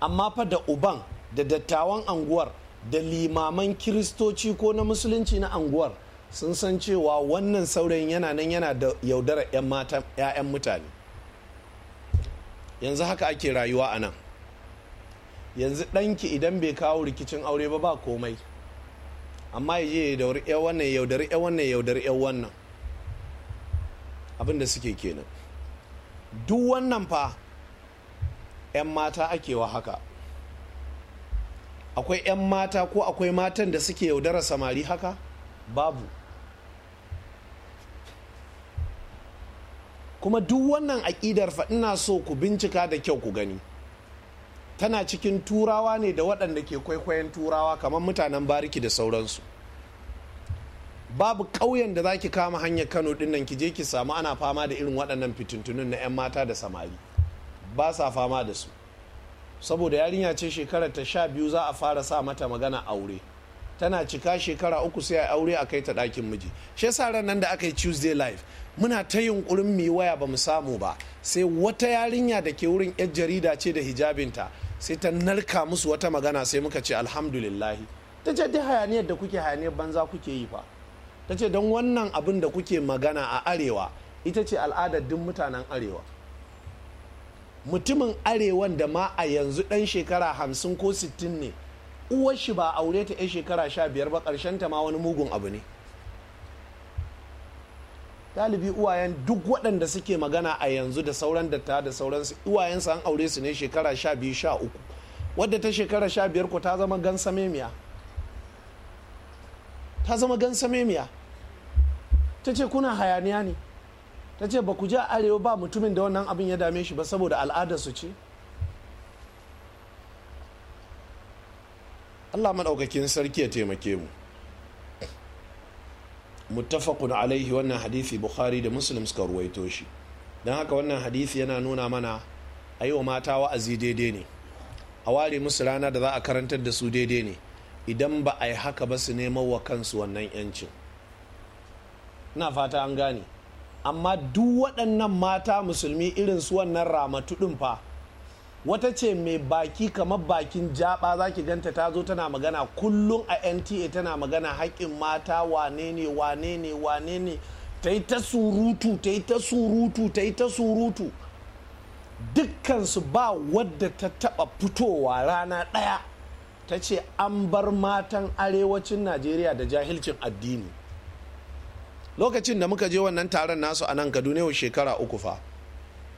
amma fa da uban da dattawan anguwar da limaman kiristoci ko na musulunci na anguwar sun san cewa wannan saurayin yana nan yana da yaudarar 'ya'yan mutane yanzu haka ake rayuwa a nan yanzu ɗanki idan bai kawo rikicin aure ba ba komai amma ya je yaudari 'yan wannan yaudar abin da suke kenan duk wannan fa 'yan mata ake wa haka akwai 'yan mata ko akwai matan da suke yaudara samari haka babu kuma duk wannan aƙidar fa ina so ku bincika da kyau ku gani tana cikin turawa ne da waɗanda ke kwaikwayon turawa kamar mutanen bariki da sauransu babu ƙauyen da za ki kama hanyar kano ɗinnan ki je ki samu ana fama da irin waɗannan fitintunun na 'yan mata da samari ba sa fama da su saboda yarinya ce shekara ta sha biyu za a fara sa mata magana aure tana cika shekara uku sai a aure a kai ta ɗakin miji shi yasa ran nan da aka yi tuesday live muna ta yunkurin mu waya ba mu samu ba sai wata yarinya da ke wurin yar jarida ce da hijabinta sai ta narka musu wata magana sai muka ce alhamdulillahi ta ce dai hayaniyar da kuke hayaniyar banza kuke yi fa ta ce don wannan abin da kuke magana a arewa ita ce al'adar duk mutanen arewa mutumin arewan da ma a yanzu dan shekara hamsin ko sittin ne uwar shi ba aure ta 'yan shekara sha biyar ba ƙarshen ta ma wani mugun abu ne galibi uwayen duk waɗanda suke magana a yanzu da sauran da ta da sauransu uwayensu an aure su ne shekara sha biyu sha uku wadda ta shekara sha biyar ku ta zama samemiya ta zama samemiya ta ce kuna hayaniya ne ta ce ba ku je arewa ba mutumin da wannan abin ya dame shi ba saboda al'adar su ce allah maɗaukakin sarki ya taimake mu muttafaqun alaihi wannan hadithi bukhari da muslim suka ruwaito shi don haka wannan hadithi yana nuna mana a yi wa mata wa'azi daidai ne a ware musu rana da za a karantar da su daidai ne idan ba a yi haka ba su neman wa kansu wannan 'yancin na fata an gane amma duk waɗannan mata musulmi irin su wannan ramatu ɗin fa wata ce mai baki kamar bakin jaba za ki ganta ta zo tana magana kullum a nta tana magana haƙƙin mata wane ne wane ne wane ne ta yi ta surutu ta yi ta surutu ta yi ta surutu dukkansu ba wadda ta taɓa fitowa rana ɗaya ta ce an bar matan arewacin najeriya da jahilcin addini lokacin da muka je wannan taron nasu a nan kaduna yau shekara uku fa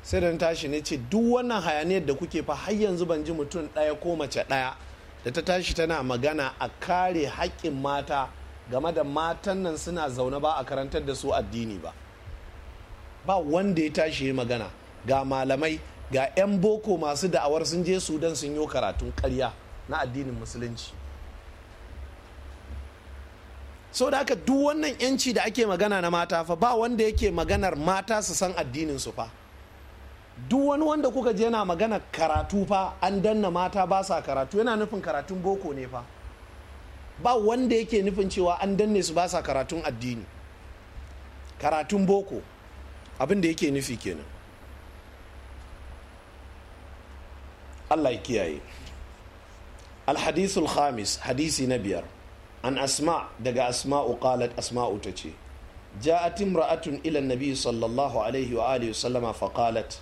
sai da tashi ne ce duk wannan hayaniyar da kuke fa har yanzu ban ji mutum ɗaya ko mace ɗaya da ta tashi tana magana a kare haƙƙin mata game da matan nan suna zaune ba a karantar da su addini ba ba wanda ya tashi ya magana ga malamai ga 'yan boko masu da'awar sun je sudan sun yi karatun karya na addinin musulunci da haka duk wannan yanci da ake magana na mata fa ba wanda yake maganar mata su san addinin su fa duk wani wanda kuka je yana magana karatu fa an danna mata ba sa karatu yana nufin karatun boko ne fa ba wanda yake nufin cewa an danne su ba sa karatun addini karatun boko abin da yake nufi kenan allah ya kiyaye alhadisul khamis hadisi na biyar an asma daga asma'u qalat asma'u ta ce ja'at imra'atun ila nabi sallallahu alaihi wa alihi sallama fa qalat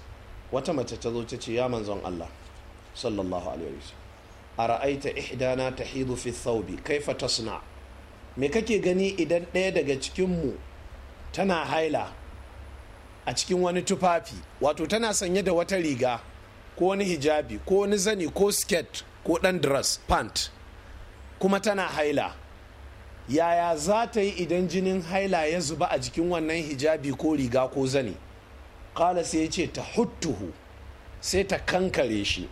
wata mace ta zo ta ce ya manzon Allah sallallahu alaihi wa ara'aita ihdana tahidu fi thawbi kaifa tasna me kake gani idan ɗaya daga cikin mu tana haila a cikin wani tufafi wato tana sanye da wata riga ko wani hijabi ko wani zani ko skirt ko ɗan dress pant kuma tana haila yaya za ta yi idan jinin haila ya zuba a jikin wannan hijabi ko riga ko zani. kala sai ya ce ta huttuhu sai ta kankare shi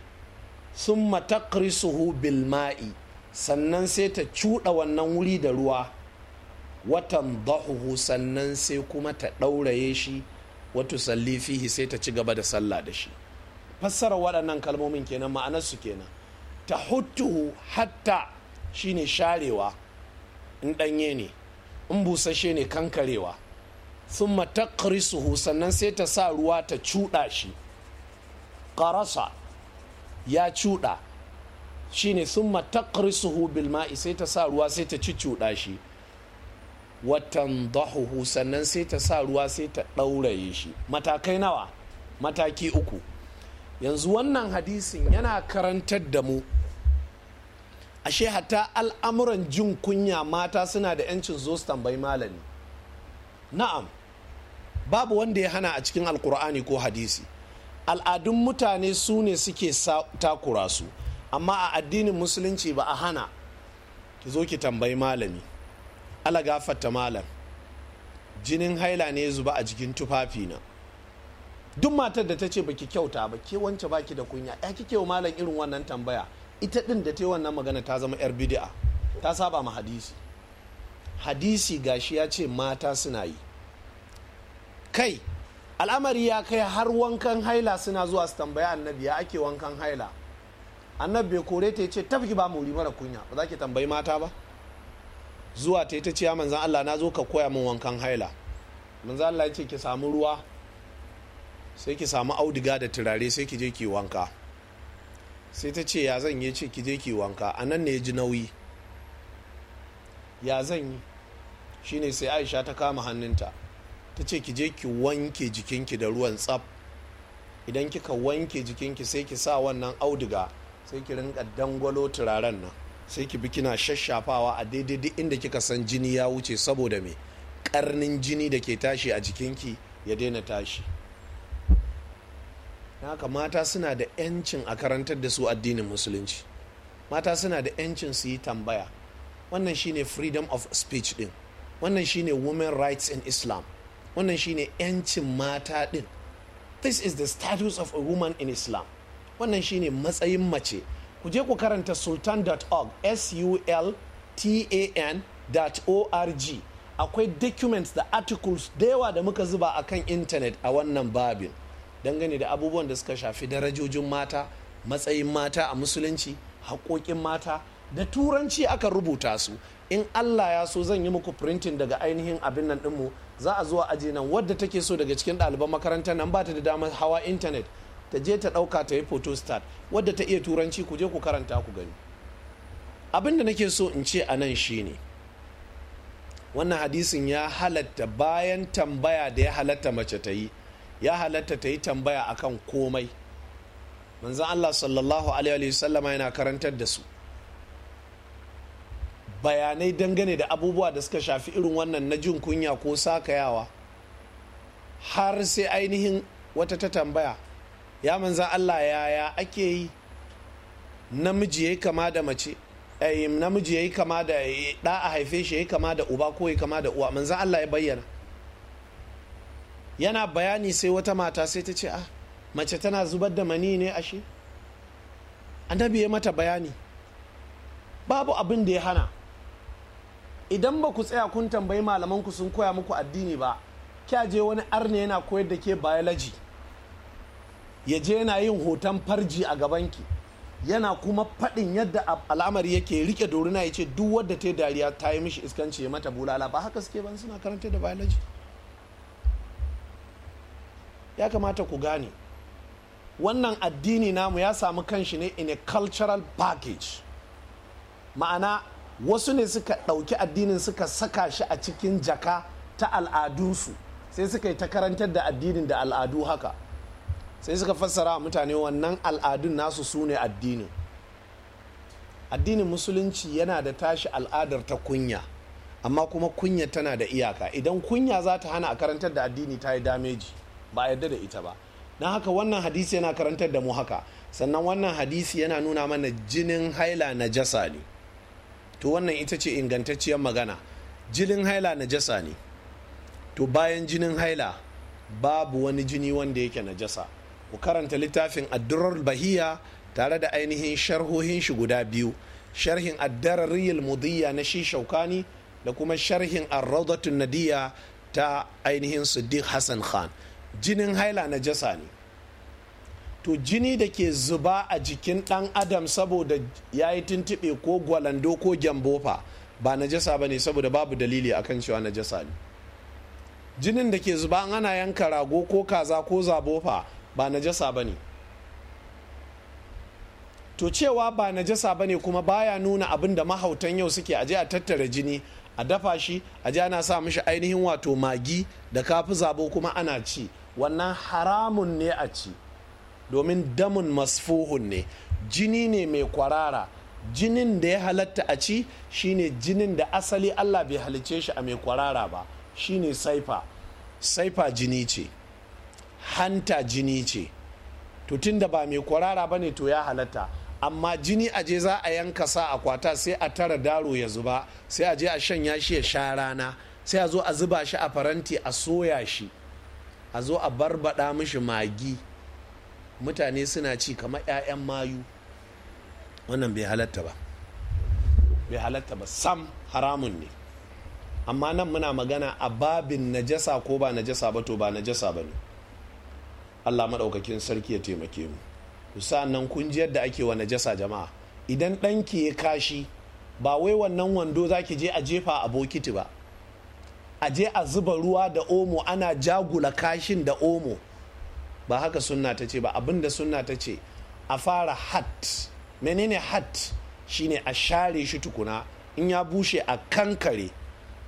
sun matakrisuhu bilma'i sannan sai ta cuɗa wannan wuri da ruwa watan dahuhu sannan sai kuma ta ɗauraye shi wato sallifihi sai ta ci gaba da sallah da shi fassara waɗannan kalmomin kenan ma'anarsu kenan ta huttuhu hatta shine sharewa in ɗanye ne in busasshe ne kankarewa sun matakkarisuhu sannan sai ta sa ruwa ta cuɗa shi ƙarasa ya cuɗa shine sun matakkarisuhu bilma'i sai ta sa ruwa sai ta ci cuɗa shi watan dahuhu sannan sai ta sa ruwa sai ta ɗauraye shi matakai nawa mataki uku yanzu wannan hadisin yana karantar da mu ashe hatta al'amuran jin kunya mata suna da 'yancin zo su tambayi malami na'am babu wanda ya hana a cikin alkur'ani ko hadisi al'adun mutane su ne suke takura su amma a addinin musulunci ba a hana ki zo ki tambayi malami ala gafata malam jinin haila ne zuba a jikin tufafi na duk matar da ta ce baki kyauta ba ke wance baki da kunya ya kike wa malam irin wannan tambaya ita ɗin da ta wannan magana ta zama yar bid'a ta saba ma hadisi hadisi gashi ya ce mata suna yi kai al'amari ya kai har wankan haila suna zuwa su tambaya annabi ya ake wankan haila annabi bai kore ta ce tafi ba muri mara kunya ba za ki tambayi mata ba zuwa ta ta ce ya manzan Allah na zo ka koya min wankan haila manzan Allah ya ce ki samu ruwa sai ki samu auduga da turare sai ki je ki wanka sai ta ce ya zan yi ce ki je ki wanka a nan ne ya ji nauyi ya zan yi shine sai aisha ta kama hannunta ta ce ki je ki wanke jikinki da ruwan tsaf idan kika wanke jikinki sai ki sa wannan auduga sai ki rinka dangwalo turaren nan sai ki bi kina shashafawa a daidai duk inda kika san jini ya wuce saboda mai karnin jini da ke tashi a jikinki ya daina tashi haka mata suna da 'yancin a karantar da su addinin musulunci mata suna da 'yancin su yi tambaya wannan shine freedom of speech din wannan shine women rights in islam wannan shine 'yancin mata din this is the status of a woman in islam wannan shine matsayin mace ku je ku karanta sultan.org s-u-l-t-a-n.org akwai documents da articles da yawa da muka zuba a kan intanet a wannan babin dangane da abubuwan da suka shafi darajojin mata matsayin mata a musulunci haƙoƙin mata da turanci aka rubuta su in allah ya so zan yi muku printing daga ainihin abin nan dinmu za a zuwa aji nan wadda take so daga cikin ɗaliban makaranta nan ba ta da damar hawa intanet ta je ta ɗauka ta yi photostat wadda ta iya turanci ku je ku karanta ku gani abin da nake so in ce a nan shine wannan hadisin ya halatta bayan tambaya da ya halatta mace ta yi ya halatta ta yi tambaya akan komai manzan allah sallallahu alaihi wasallama yana karantar da su bayanai dangane da abubuwa da suka shafi irin wannan na jin kunya ko sakayawa har sai ainihin wata ta tambaya ya manzan allah yaya ake yi namiji ya yi kama da mace eh, namiji ya yi kama da eh, ɗa a haife shi ya yi kama da uba ko ya kama da uwa manzan allah ya bayyana yana bayani sai wata mata sai ta ce a ah, mace tana zubar da mani ne ashe annabi ya mata bayani babu abin da ya hana idan ba ku tsaya kun tambayi malaman ku sun koya muku addini ba kya je wani arne yana koyar da ke biology ya je yana yin hoton farji a gabanki yana kuma faɗin yadda al'amari yake rike dorina ya ce duk wadda ta dariya ta yi mishi iskanci ya mata bulala ba haka suke ban suna karanta da biology ya kamata ku gane wannan addini namu ya samu kanshi ne in a cultural package ma'ana wasu ne suka ɗauki addinin suka saka shi a cikin jaka ta al'adunsu sai suka yi ta karantar da addinin da al'adu haka sai suka fassara mutane wannan al'adun nasu su ne addinin addinin musulunci yana da tashi al'adar ta kunya amma kuma kunya tana da iyaka idan kunya za ta hana a karantar da addini ta yi dameji ba a yarda da ita ba don haka wannan hadisi yana karantar da mu haka sannan wannan hadisi yana nuna mana jinin haila na jasa ne to wannan ita ce ingantacciyar magana jinin haila na jasa ne to bayan jinin haila babu wani jini wanda yake na jasa ku karanta littafin addurar bahiya tare da ainihin sharhohin shi guda biyu sharhin addarar mudiya na shi shaukani da kuma sharhin arraudatun nadiya ta ainihin siddiq hassan khan jinin haila na jasa ne to jini da ke zuba a jikin dan adam saboda ya yi tuntube ko gwalando ko gyambofa ba jasa ba ne saboda babu dalili akan cewa na jasa ne jinin da ke zuba ana yanka rago ko kaza ko zabofa ba jasa ba ne to cewa ba najasa ba ne kuma baya nuna abin da mahautan yau suke aje a tattara jini a dafa shi a ana sa mishi ainihin wato magi da kafi zabo kuma ana ci wannan haramun ne a ci domin damun masfuhun ne jini ne mai kwarara jinin da ya halatta a ci shine jinin da asali allah bai halice shi a mai kwarara ba shine saifa saifa jini ce hanta jini ce to da ba mai kwarara ba ne to ya halatta amma jini a je za a yanka sa a kwata sai a tara daro ya zuba sai a je a shanya shi ya sha rana sai a zo a zuba shi a faranti a soya shi a zo a barbada mishi magi mutane suna ci kamar 'ya'yan mayu wannan bai halatta ba bai halatta ba sam haramun ne amma nan muna magana a babin najasa ko ba najasa ba to ba najasa ba ne allah maɗaukakin sarki ya taimake mu sa nan kun ji yadda ake wa najasa jama'a idan ɗanki ya kashi ba wai wannan wando za ki je a jefa a bokiti ba a je a zuba ruwa da omo ana jagula kashin da omo ba haka sunna ta ce ba abinda sunna ta ce a fara hat menene hat shine a share shi tukuna in ya bushe a kankare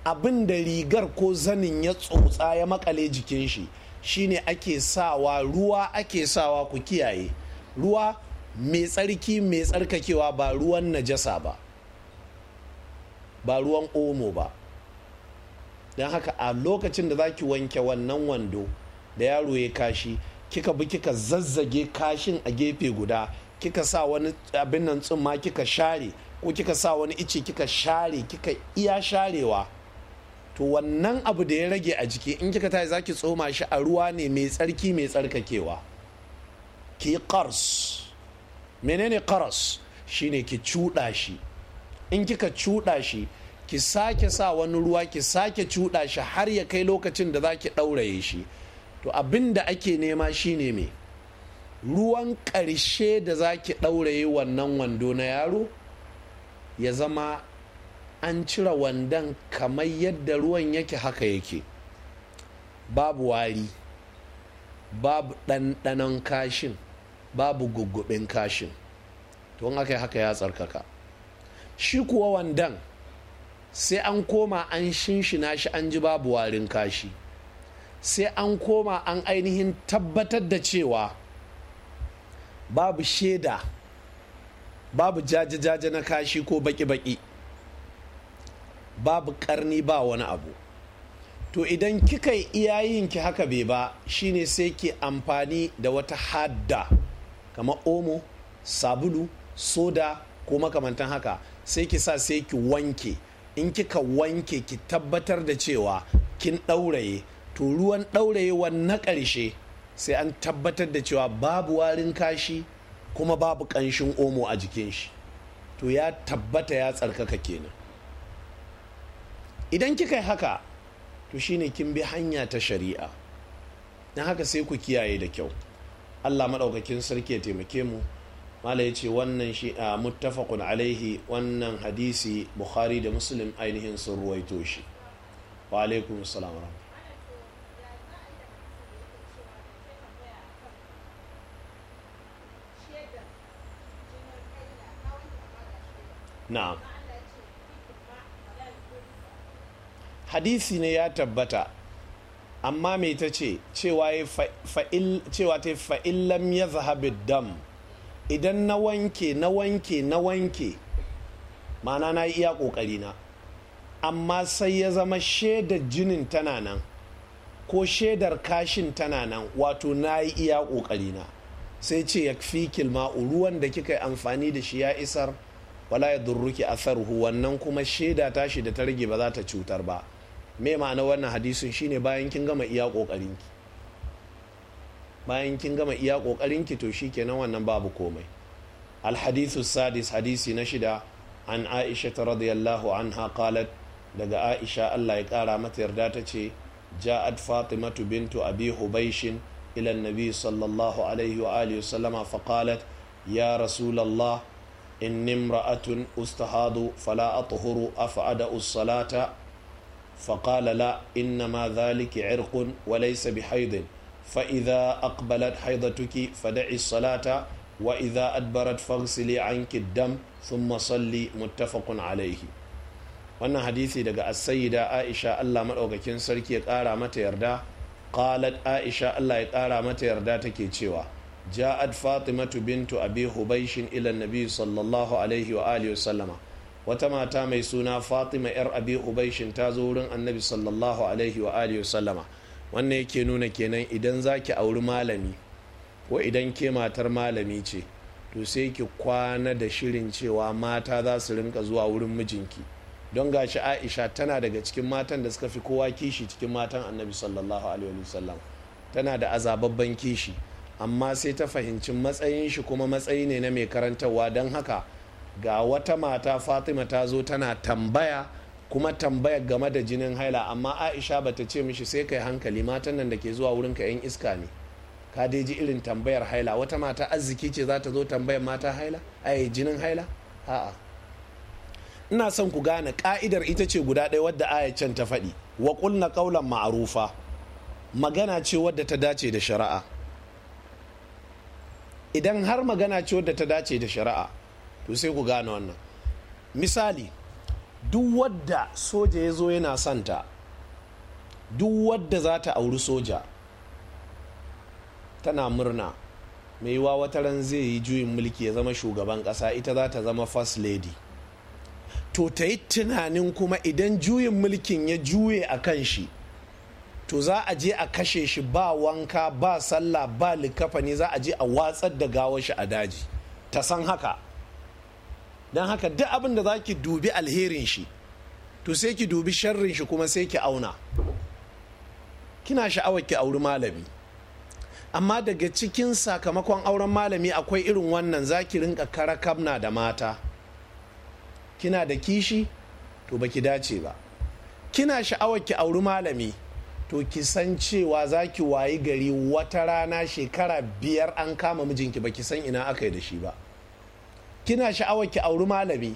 abinda rigar ko zanin ya tsotsa ya makale jikin shi shine ake sawa ruwa ake sawa ku kiyaye ruwa mai tsarki mai tsarkakewa ba ruwan najasa ba ba ruwan omo ba don haka a lokacin da zaki wanke wannan wando da yaro ya kashi kika bi kika zazzage kashin a gefe guda kika sa wani abin nan tsumma kika share ko kika sa wani ice kika share kika iya sharewa to wannan abu da ya rage a jiki in kika tashi zaki tsoma shi a ruwa ne mai tsarki mai tsarkakewa ki qars menene kars shine ki cuda shi in kika cuda shi ki sake sa wani ruwa ki sake cuɗa shi har ya kai lokacin da za ki ɗauraye shi to abin da ake nema shi ne me ruwan ƙarshe da za ki ɗauraye wannan wando na yaro ya zama an cire wandon kamar yadda ruwan yake haka yake babu wari babu ɗanɗanon kashin babu guggubin kashin to in aka yi haka ya tsarkaka shi kuwa wandan sai an koma an shinshina shi an ji babu warin kashi sai an koma an ainihin tabbatar da cewa babu shaida babu jaje-jaje na kashi ko baki-baki babu karni ba wani abu to idan kika iyayin ki haka bai ba shine sai ke amfani da wata hadda kama omo sabulu soda ko makamantan haka sai ki sa sai ki wanke in kika wanke ki tabbatar da cewa kin ɗauraye to ruwan ɗaurayewan na ƙarshe sai an tabbatar da cewa babu warin kashi kuma babu ƙanshin omo a jikin shi to ya tabbata ya tsarkaka kenan idan kika yi haka to shine kin bi hanya ta shari'a na haka sai ku kiyaye da kyau allah maɗaukakin sarki ya taimake mu mala ya ce wannan shi a muttafaqun alaihi wannan hadisi bukhari da muslim ainihin sun ruwaito shi wa alaikum salam na hadisi ne ya tabbata amma mai ta ce cewa ta fa'illam ya zahabi dam idan na wanke na wanke na wanke mana na iya ƙoƙarina amma sai ya zama shaidar jinin tana nan ko shaidar kashin tana nan wato na yi iya na sai ce ya fi kilma'u ruwan da kika yi amfani da shi ya isar wala ya durruki atharuhu wannan kuma shaida tashi da ta rage ba za ta cutar ba me ma'ana wannan hadisin shine bayan kin gama iya ƙoƙarinki bayan kin gama iya kokarin ki to shikenan wannan babu komai alhadithu sadis hadisi na shida an aisha ta radiyallahu anha qalat daga aisha Allah ya kara mata yarda ta ce ja'at fatimatu bintu abi hubaishin ila annabi sallallahu alaihi wa alihi sallama fa qalat ya rasulallah inni imra'atun ustahadu fala athuru af'ada us-salata فقال لا إنما ذلك عرق وليس بحيض فإذا أقبلت حيضتك فدعي الصلاة وإذا أدبرت فاغسلي عنك الدم ثم صلي متفق عليه wannan hadisi daga as-sayyida Aisha Allah madaukakin sarki ya kara mata yarda qalat Aisha Allah ya kara mata yarda take cewa ja'at fatima bintu Abi Hubaysh ila nabi sallallahu alaihi wa alihi wasallama wata mata mai suna Fatima yar Abi Hubaysh ta zo wurin Annabi sallallahu alaihi wa alihi wasallama wannan yake nuna kenan idan za ki auri malami ko idan ke matar malami ce to sai ki kwana da shirin cewa mata za su rinka zuwa wurin mijinki don gashi aisha tana daga cikin matan da suka fi kowa kishi cikin matan annabi sallallahu alaihi wasallam tana da azababban kishi amma sai ta fahimci matsayin shi kuma matsayi ne na mai karantarwa don haka ga wata mata fatima ta zo tana tambaya kuma tambayar game da jinin haila amma aisha bata ce mishi sai kai hankali matan nan da ke zuwa wurin ka yan iska ne ka dai ji irin tambayar haila wata mata arziki ce za ta zo tambayar mata haila ai jinin haila a'a ina son ku gane ka'idar ita ce guda ɗaya wadda can ta faɗi wa ƙulna kaulan ma'arufa magana ce wadda ta dace da shari'a idan har magana ce wadda ta dace da shari'a to sai ku gane wannan misali duk wadda soja ya zo yana santa duk wadda za ta auri soja tana murna mai wa wata ran zai yi juyin mulki ya zama shugaban ƙasa ita za ta zama first lady to ta yi tunanin kuma idan juyin mulkin ya juye a kan shi to za a je a kashe shi ba wanka ba sallah ba likafani za a je a watsar da gawar shi a daji ta san haka don haka duk abin da za ki dubi alherin shi to sai ki dubi sharrin shi kuma sai ki auna kina sha'awar ki auri malami amma daga cikin sakamakon auren malami akwai irin wannan za ki rinka kamna da mata kina da kishi to ba ki dace ba kina sha'awar ki auri malami to ki san cewa za ki wayi gari wata rana shekara biyar an kama mijinki ba ki san ina aka yi da shi ba kina sha'awar ki auri malami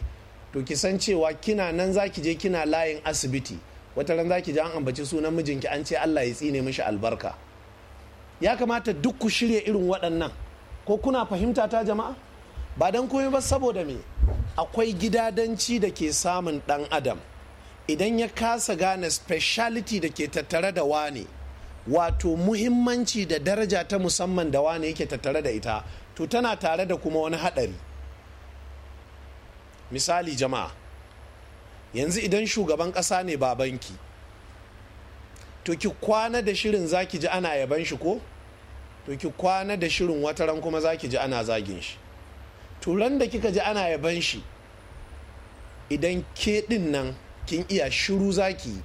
to ki san cewa kina nan za ki je kina layin asibiti wata ran za ki ji an ambaci sunan mijinki an ce Allah ya tsine mishi albarka ya kamata duk ku shirya irin waɗannan ko kuna fahimta ta jama'a ba dan komai ba saboda me akwai gidadanci da ke samun dan adam idan ya kasa gane speciality da ke tattare da wane wato muhimmanci da daraja ta musamman da wane yake tattare da ita to tana tare da kuma wani haɗari misali jama'a yanzu idan shugaban ƙasa ne babanki to ki kwana da shirin zaki ji ana yaban shi ko to ki kwana da shirin wataran kuma zaki ji ana zagin shi turan da kika ji ana yaban shi idan ke din nan kin iya shiru zaki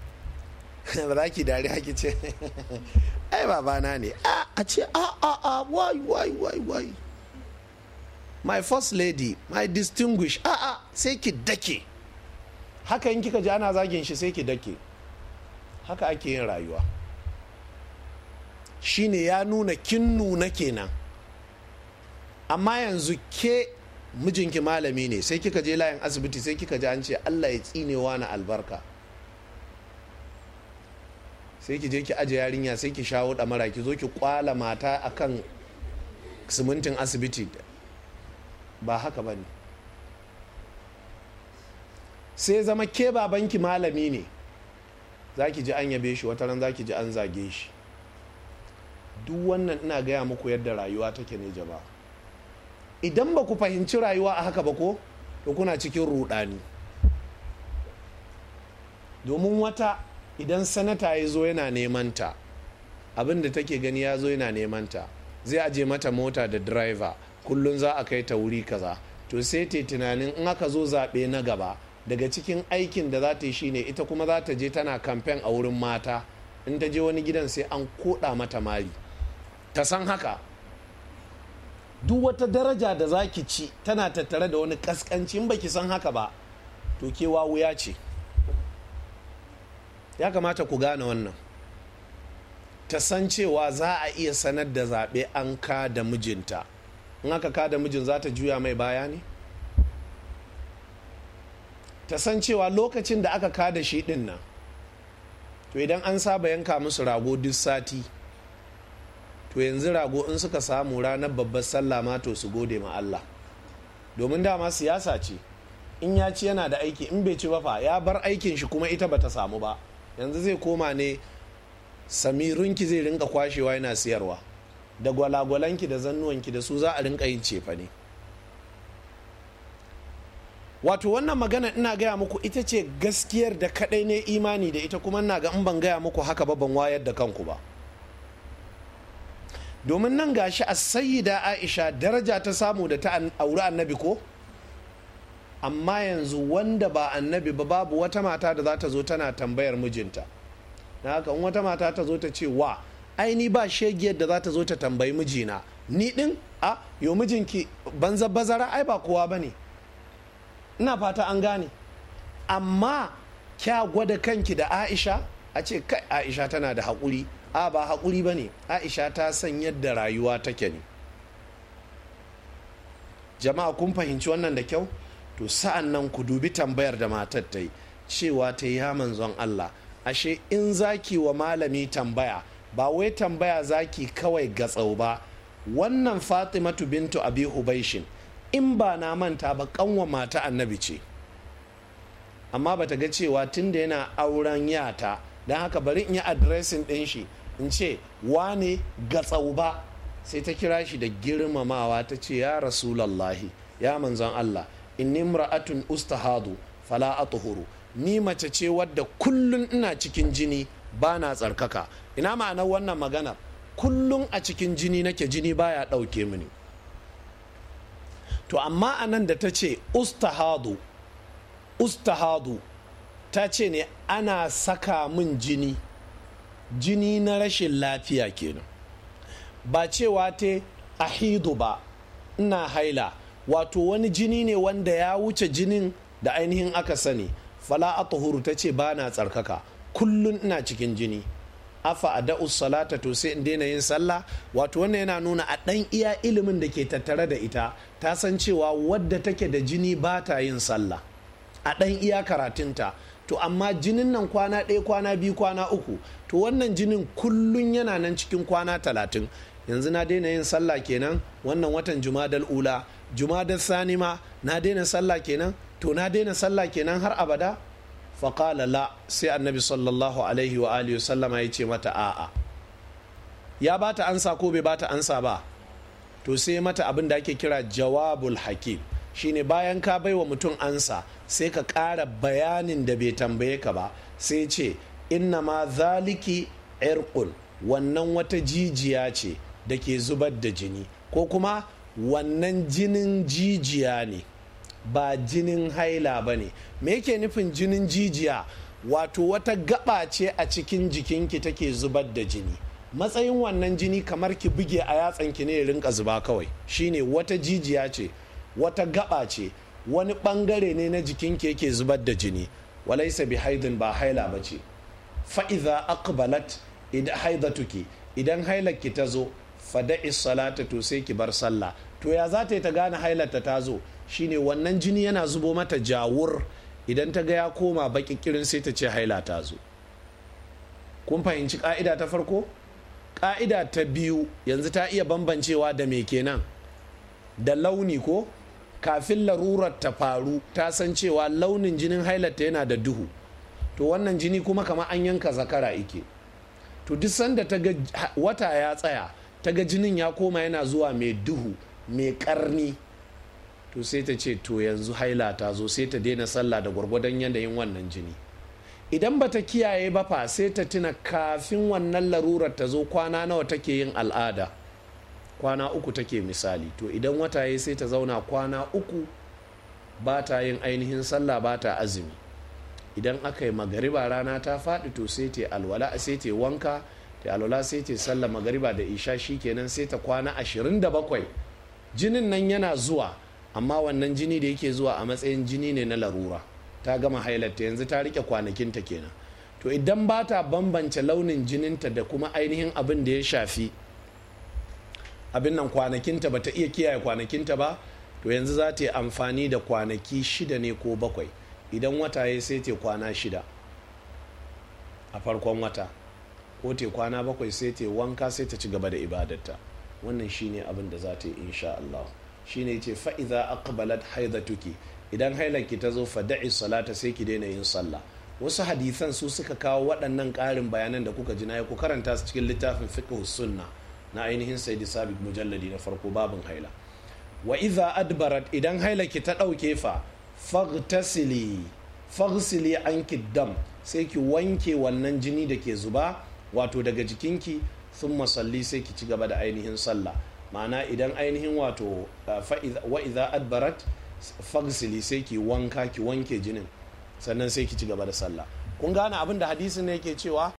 ba za ki dare haki ce ai babana ne a ce a a a wai wai wai wai my first lady my distinguished a a sai ki dake haka in kika ji ana zagin shi sai ki dake haka ake yin rayuwa shine ya nuna kin nuna kenan amma yanzu ke mijinki malami ne sai kika je layin asibiti sai kika ji an ce allah ya tsinewa na albarka sai ki je ki aje yarinya sai ki shawo mara ki zo ki kwala mata akan simintin asibiti ba haka ba ne sai zama ke babanki malami ne za ki ji an yabe shi wata ran za ki ji an zage shi duk wannan ina gaya muku yadda rayuwa take ne jaba idan ba ku fahimci rayuwa a haka ba ko to kuna cikin rudani domin wata idan sanata ya zo yana neman ta abin da take gani ya zo yana neman ta zai aje mata mota da driver kullum za a kai ta wuri kaza to sai ta tunanin in aka zo zaɓe na gaba daga cikin aikin da za ta yi shine ita kuma za ta je tana kamfen a wurin mata in ta je wani gidan sai an koda mata mari ta san haka duk wata daraja da za ki ci tana tattare da wani kaskancin ba baki san haka ba to ke wuya ce ya kamata ku gane wannan ta san cewa za a iya sanar da zaɓe an ka da mijinta in aka ka da mijin za ta juya mai baya ne? ta san cewa lokacin da aka kada shi din nan to idan an saba yanka musu rago duk sati to yanzu rago in suka samu ranar babbar sallah ma to su gode ma Allah domin dama siyasa ce in ya ci yana da aiki in bai ci ba fa ya bar aikin shi kuma ita bata samu ba yanzu zai koma ne samirunki zai rinka kwashewa yana siyarwa da gwalagwalanki da zannuwanki da su za a rinka yin cefa ne wato wannan magana ina gaya muku ita ce gaskiyar da kadai ne imani da ita kuma ina ga in ban gaya muku haka ba ban wayar da kanku ba domin nan gashi a sayyida aisha daraja ta samu da ta auri annabi ko amma yanzu wanda ba annabi ba babu wata mata da za ta zo tana tambayar mijinta na haka in wata mata ta zo ta ce wa aini ba shegiyar da za ta zo ta tambayi mijina ni din a yo mijinki banza bazara ai ba kowa ba ne ina fata an gane amma kya gwada kanki da aisha a ce kai aisha tana da haƙuri a ba haƙuri ba ne aisha ta san yadda rayuwa take ne jama'a kun fahimci wannan da kyau to sa'an nan ku dubi tambayar da matar ta yi cewa ta ya manzon allah ashe in zaki wa malami tambaya ba wai tambaya zaki kawai ga gatsau ba wannan fatimatu bintu abi hubaishin in ba na manta ba kanwa mata annabi ce amma ba ta ga cewa tun da yana auren yata don haka bari in yi adiresin ɗin shi in ce wane gatsau ba sai ta kira shi da girmamawa ta ce ya rasulallahi ya manzon allah in imra'atun ustahadu fala tuhuru ni mace ce wadda kullun ina cikin jini ba na tsarkaka ina ma'anar wannan magana kullun a cikin jini nake jini baya ɗauke mini to amma a nan da ta ce ustahadu ustahadu ta ce ne ana saka min jini jini na rashin lafiya kenan ba cewa te ahidu ba ina haila wato wani jini ne wanda ya wuce jinin da ainihin aka sani fala atuhuru ta ce ba na tsarkaka kullum ina cikin jini afa a da'us salata to sai in daina yin sallah wato wannan yana nuna a ɗan iya ilimin da ke tattare da ita ta san cewa wadda take da jini ba ta yin sallah a ɗan iya karatunta to amma jinin nan kwana ɗaya kwana biyu kwana uku to wannan jinin kullun yana nan cikin kwana talatin yanzu na daina yin sallah kenan wannan watan jumadal ula jumadal sani ma na daina sallah kenan to na daina sallah kenan har abada faƙala la sai annabi sallallahu alaihi wa alihi sallama ya ce mata a'a ya ba ta ansa ko bai ba ta ansa ba to sai mata abin da ake kira jawabul hakim shine bayan ka baiwa mutum ansa sai ka ƙara bayanin da bai tambaye ka ba sai ce inna ma zaliki irqun wannan wata jijiya ce da ke zubar da jini ko kuma wannan jinin jijiya ne ba jinin haila ba ne me yake nufin jinin jijiya wato wata gaba ce a cikin jikinki take zubar da jini matsayin wannan jini kamar ki buge a yatsanki ne rinka zuba kawai shine wata jijiya ce wata gaba ce wani bangare ne na jikinki yake zubar da jini walaisa bi haidin ba haila ba ce fa'iza akbalat haidatuki idan ki ta zo fada'i salata to sai ki bar sallah to ya za ta yi ta gane hailarta ta zo shine wannan jini yana zubo mata jawur idan ta ga ya koma baƙiƙirin sai ta ce haila ta zo kun fahimci ƙa'ida ta farko ƙa'ida ta biyu yanzu ta iya bambancewa da me kenan da launi ko kafin larurar ta faru ta san cewa launin jinin hailarta yana da duhu to wannan jini kuma kama an yanka zakara ike to duk sanda ta ga wata ya tsaya ta ga jinin ya koma yana zuwa mai duhu mai karni to sai ta ce to yanzu haila ta zo sai ta daina sallah da gwargwadon yanayin wannan jini idan ba ta kiyaye ba fa sai ta tuna kafin wannan larurar ta zo kwana nawa take yin al'ada kwana uku take misali to idan wata ya sai ta zauna kwana uku ba ta yin ainihin sallah ba ta azumi idan aka yi magariba rana ta faɗi to sai ta alwala sai ta wanka ta alwala sai ta sallah magariba da isha kenan sai ta kwana 27 jinin nan yana zuwa amma wannan jini da yake zuwa a matsayin jini ne na larura ta gama hailarta yanzu ta rike kwanakinta kenan to idan ba ta bambance launin jininta da kuma ainihin abin da ya shafi abin nan kwanakinta ba ta iya kiyaye kwanakinta ba to yanzu za ta yi amfani da kwanaki shida ne ko bakwai idan wata ya sai ta kwana shida a farkon wata ko ta kwana bakwai sai ta wanka sai ta ci gaba da ibadarta wannan shine abin da za ta yi insha Allah. shine ce fa'iza idza aqbalat haidatuki idan ki ta zo fa salata sai ki daina yin sallah wasu hadisan su suka kawo waɗannan ƙarin bayanan da kuka ji na ku karanta su cikin littafin fiqh sunna na ainihin sayyidi sabiq mujalladi na farko babin haila wa idza adbarat idan haila ki ta ɗauke fa faghtasili faghsili anki dam sai ki wanke wannan jini da ke zuba wato daga jikinki sun masalli sai ki ci gaba da ainihin sallah ma'ana idan ainihin wato uh, wa'iza adbarat fagsili sai ki wanka ki wanke jinin sannan sai ki ci gaba da sallah kun gane abin da hadisin ne yake cewa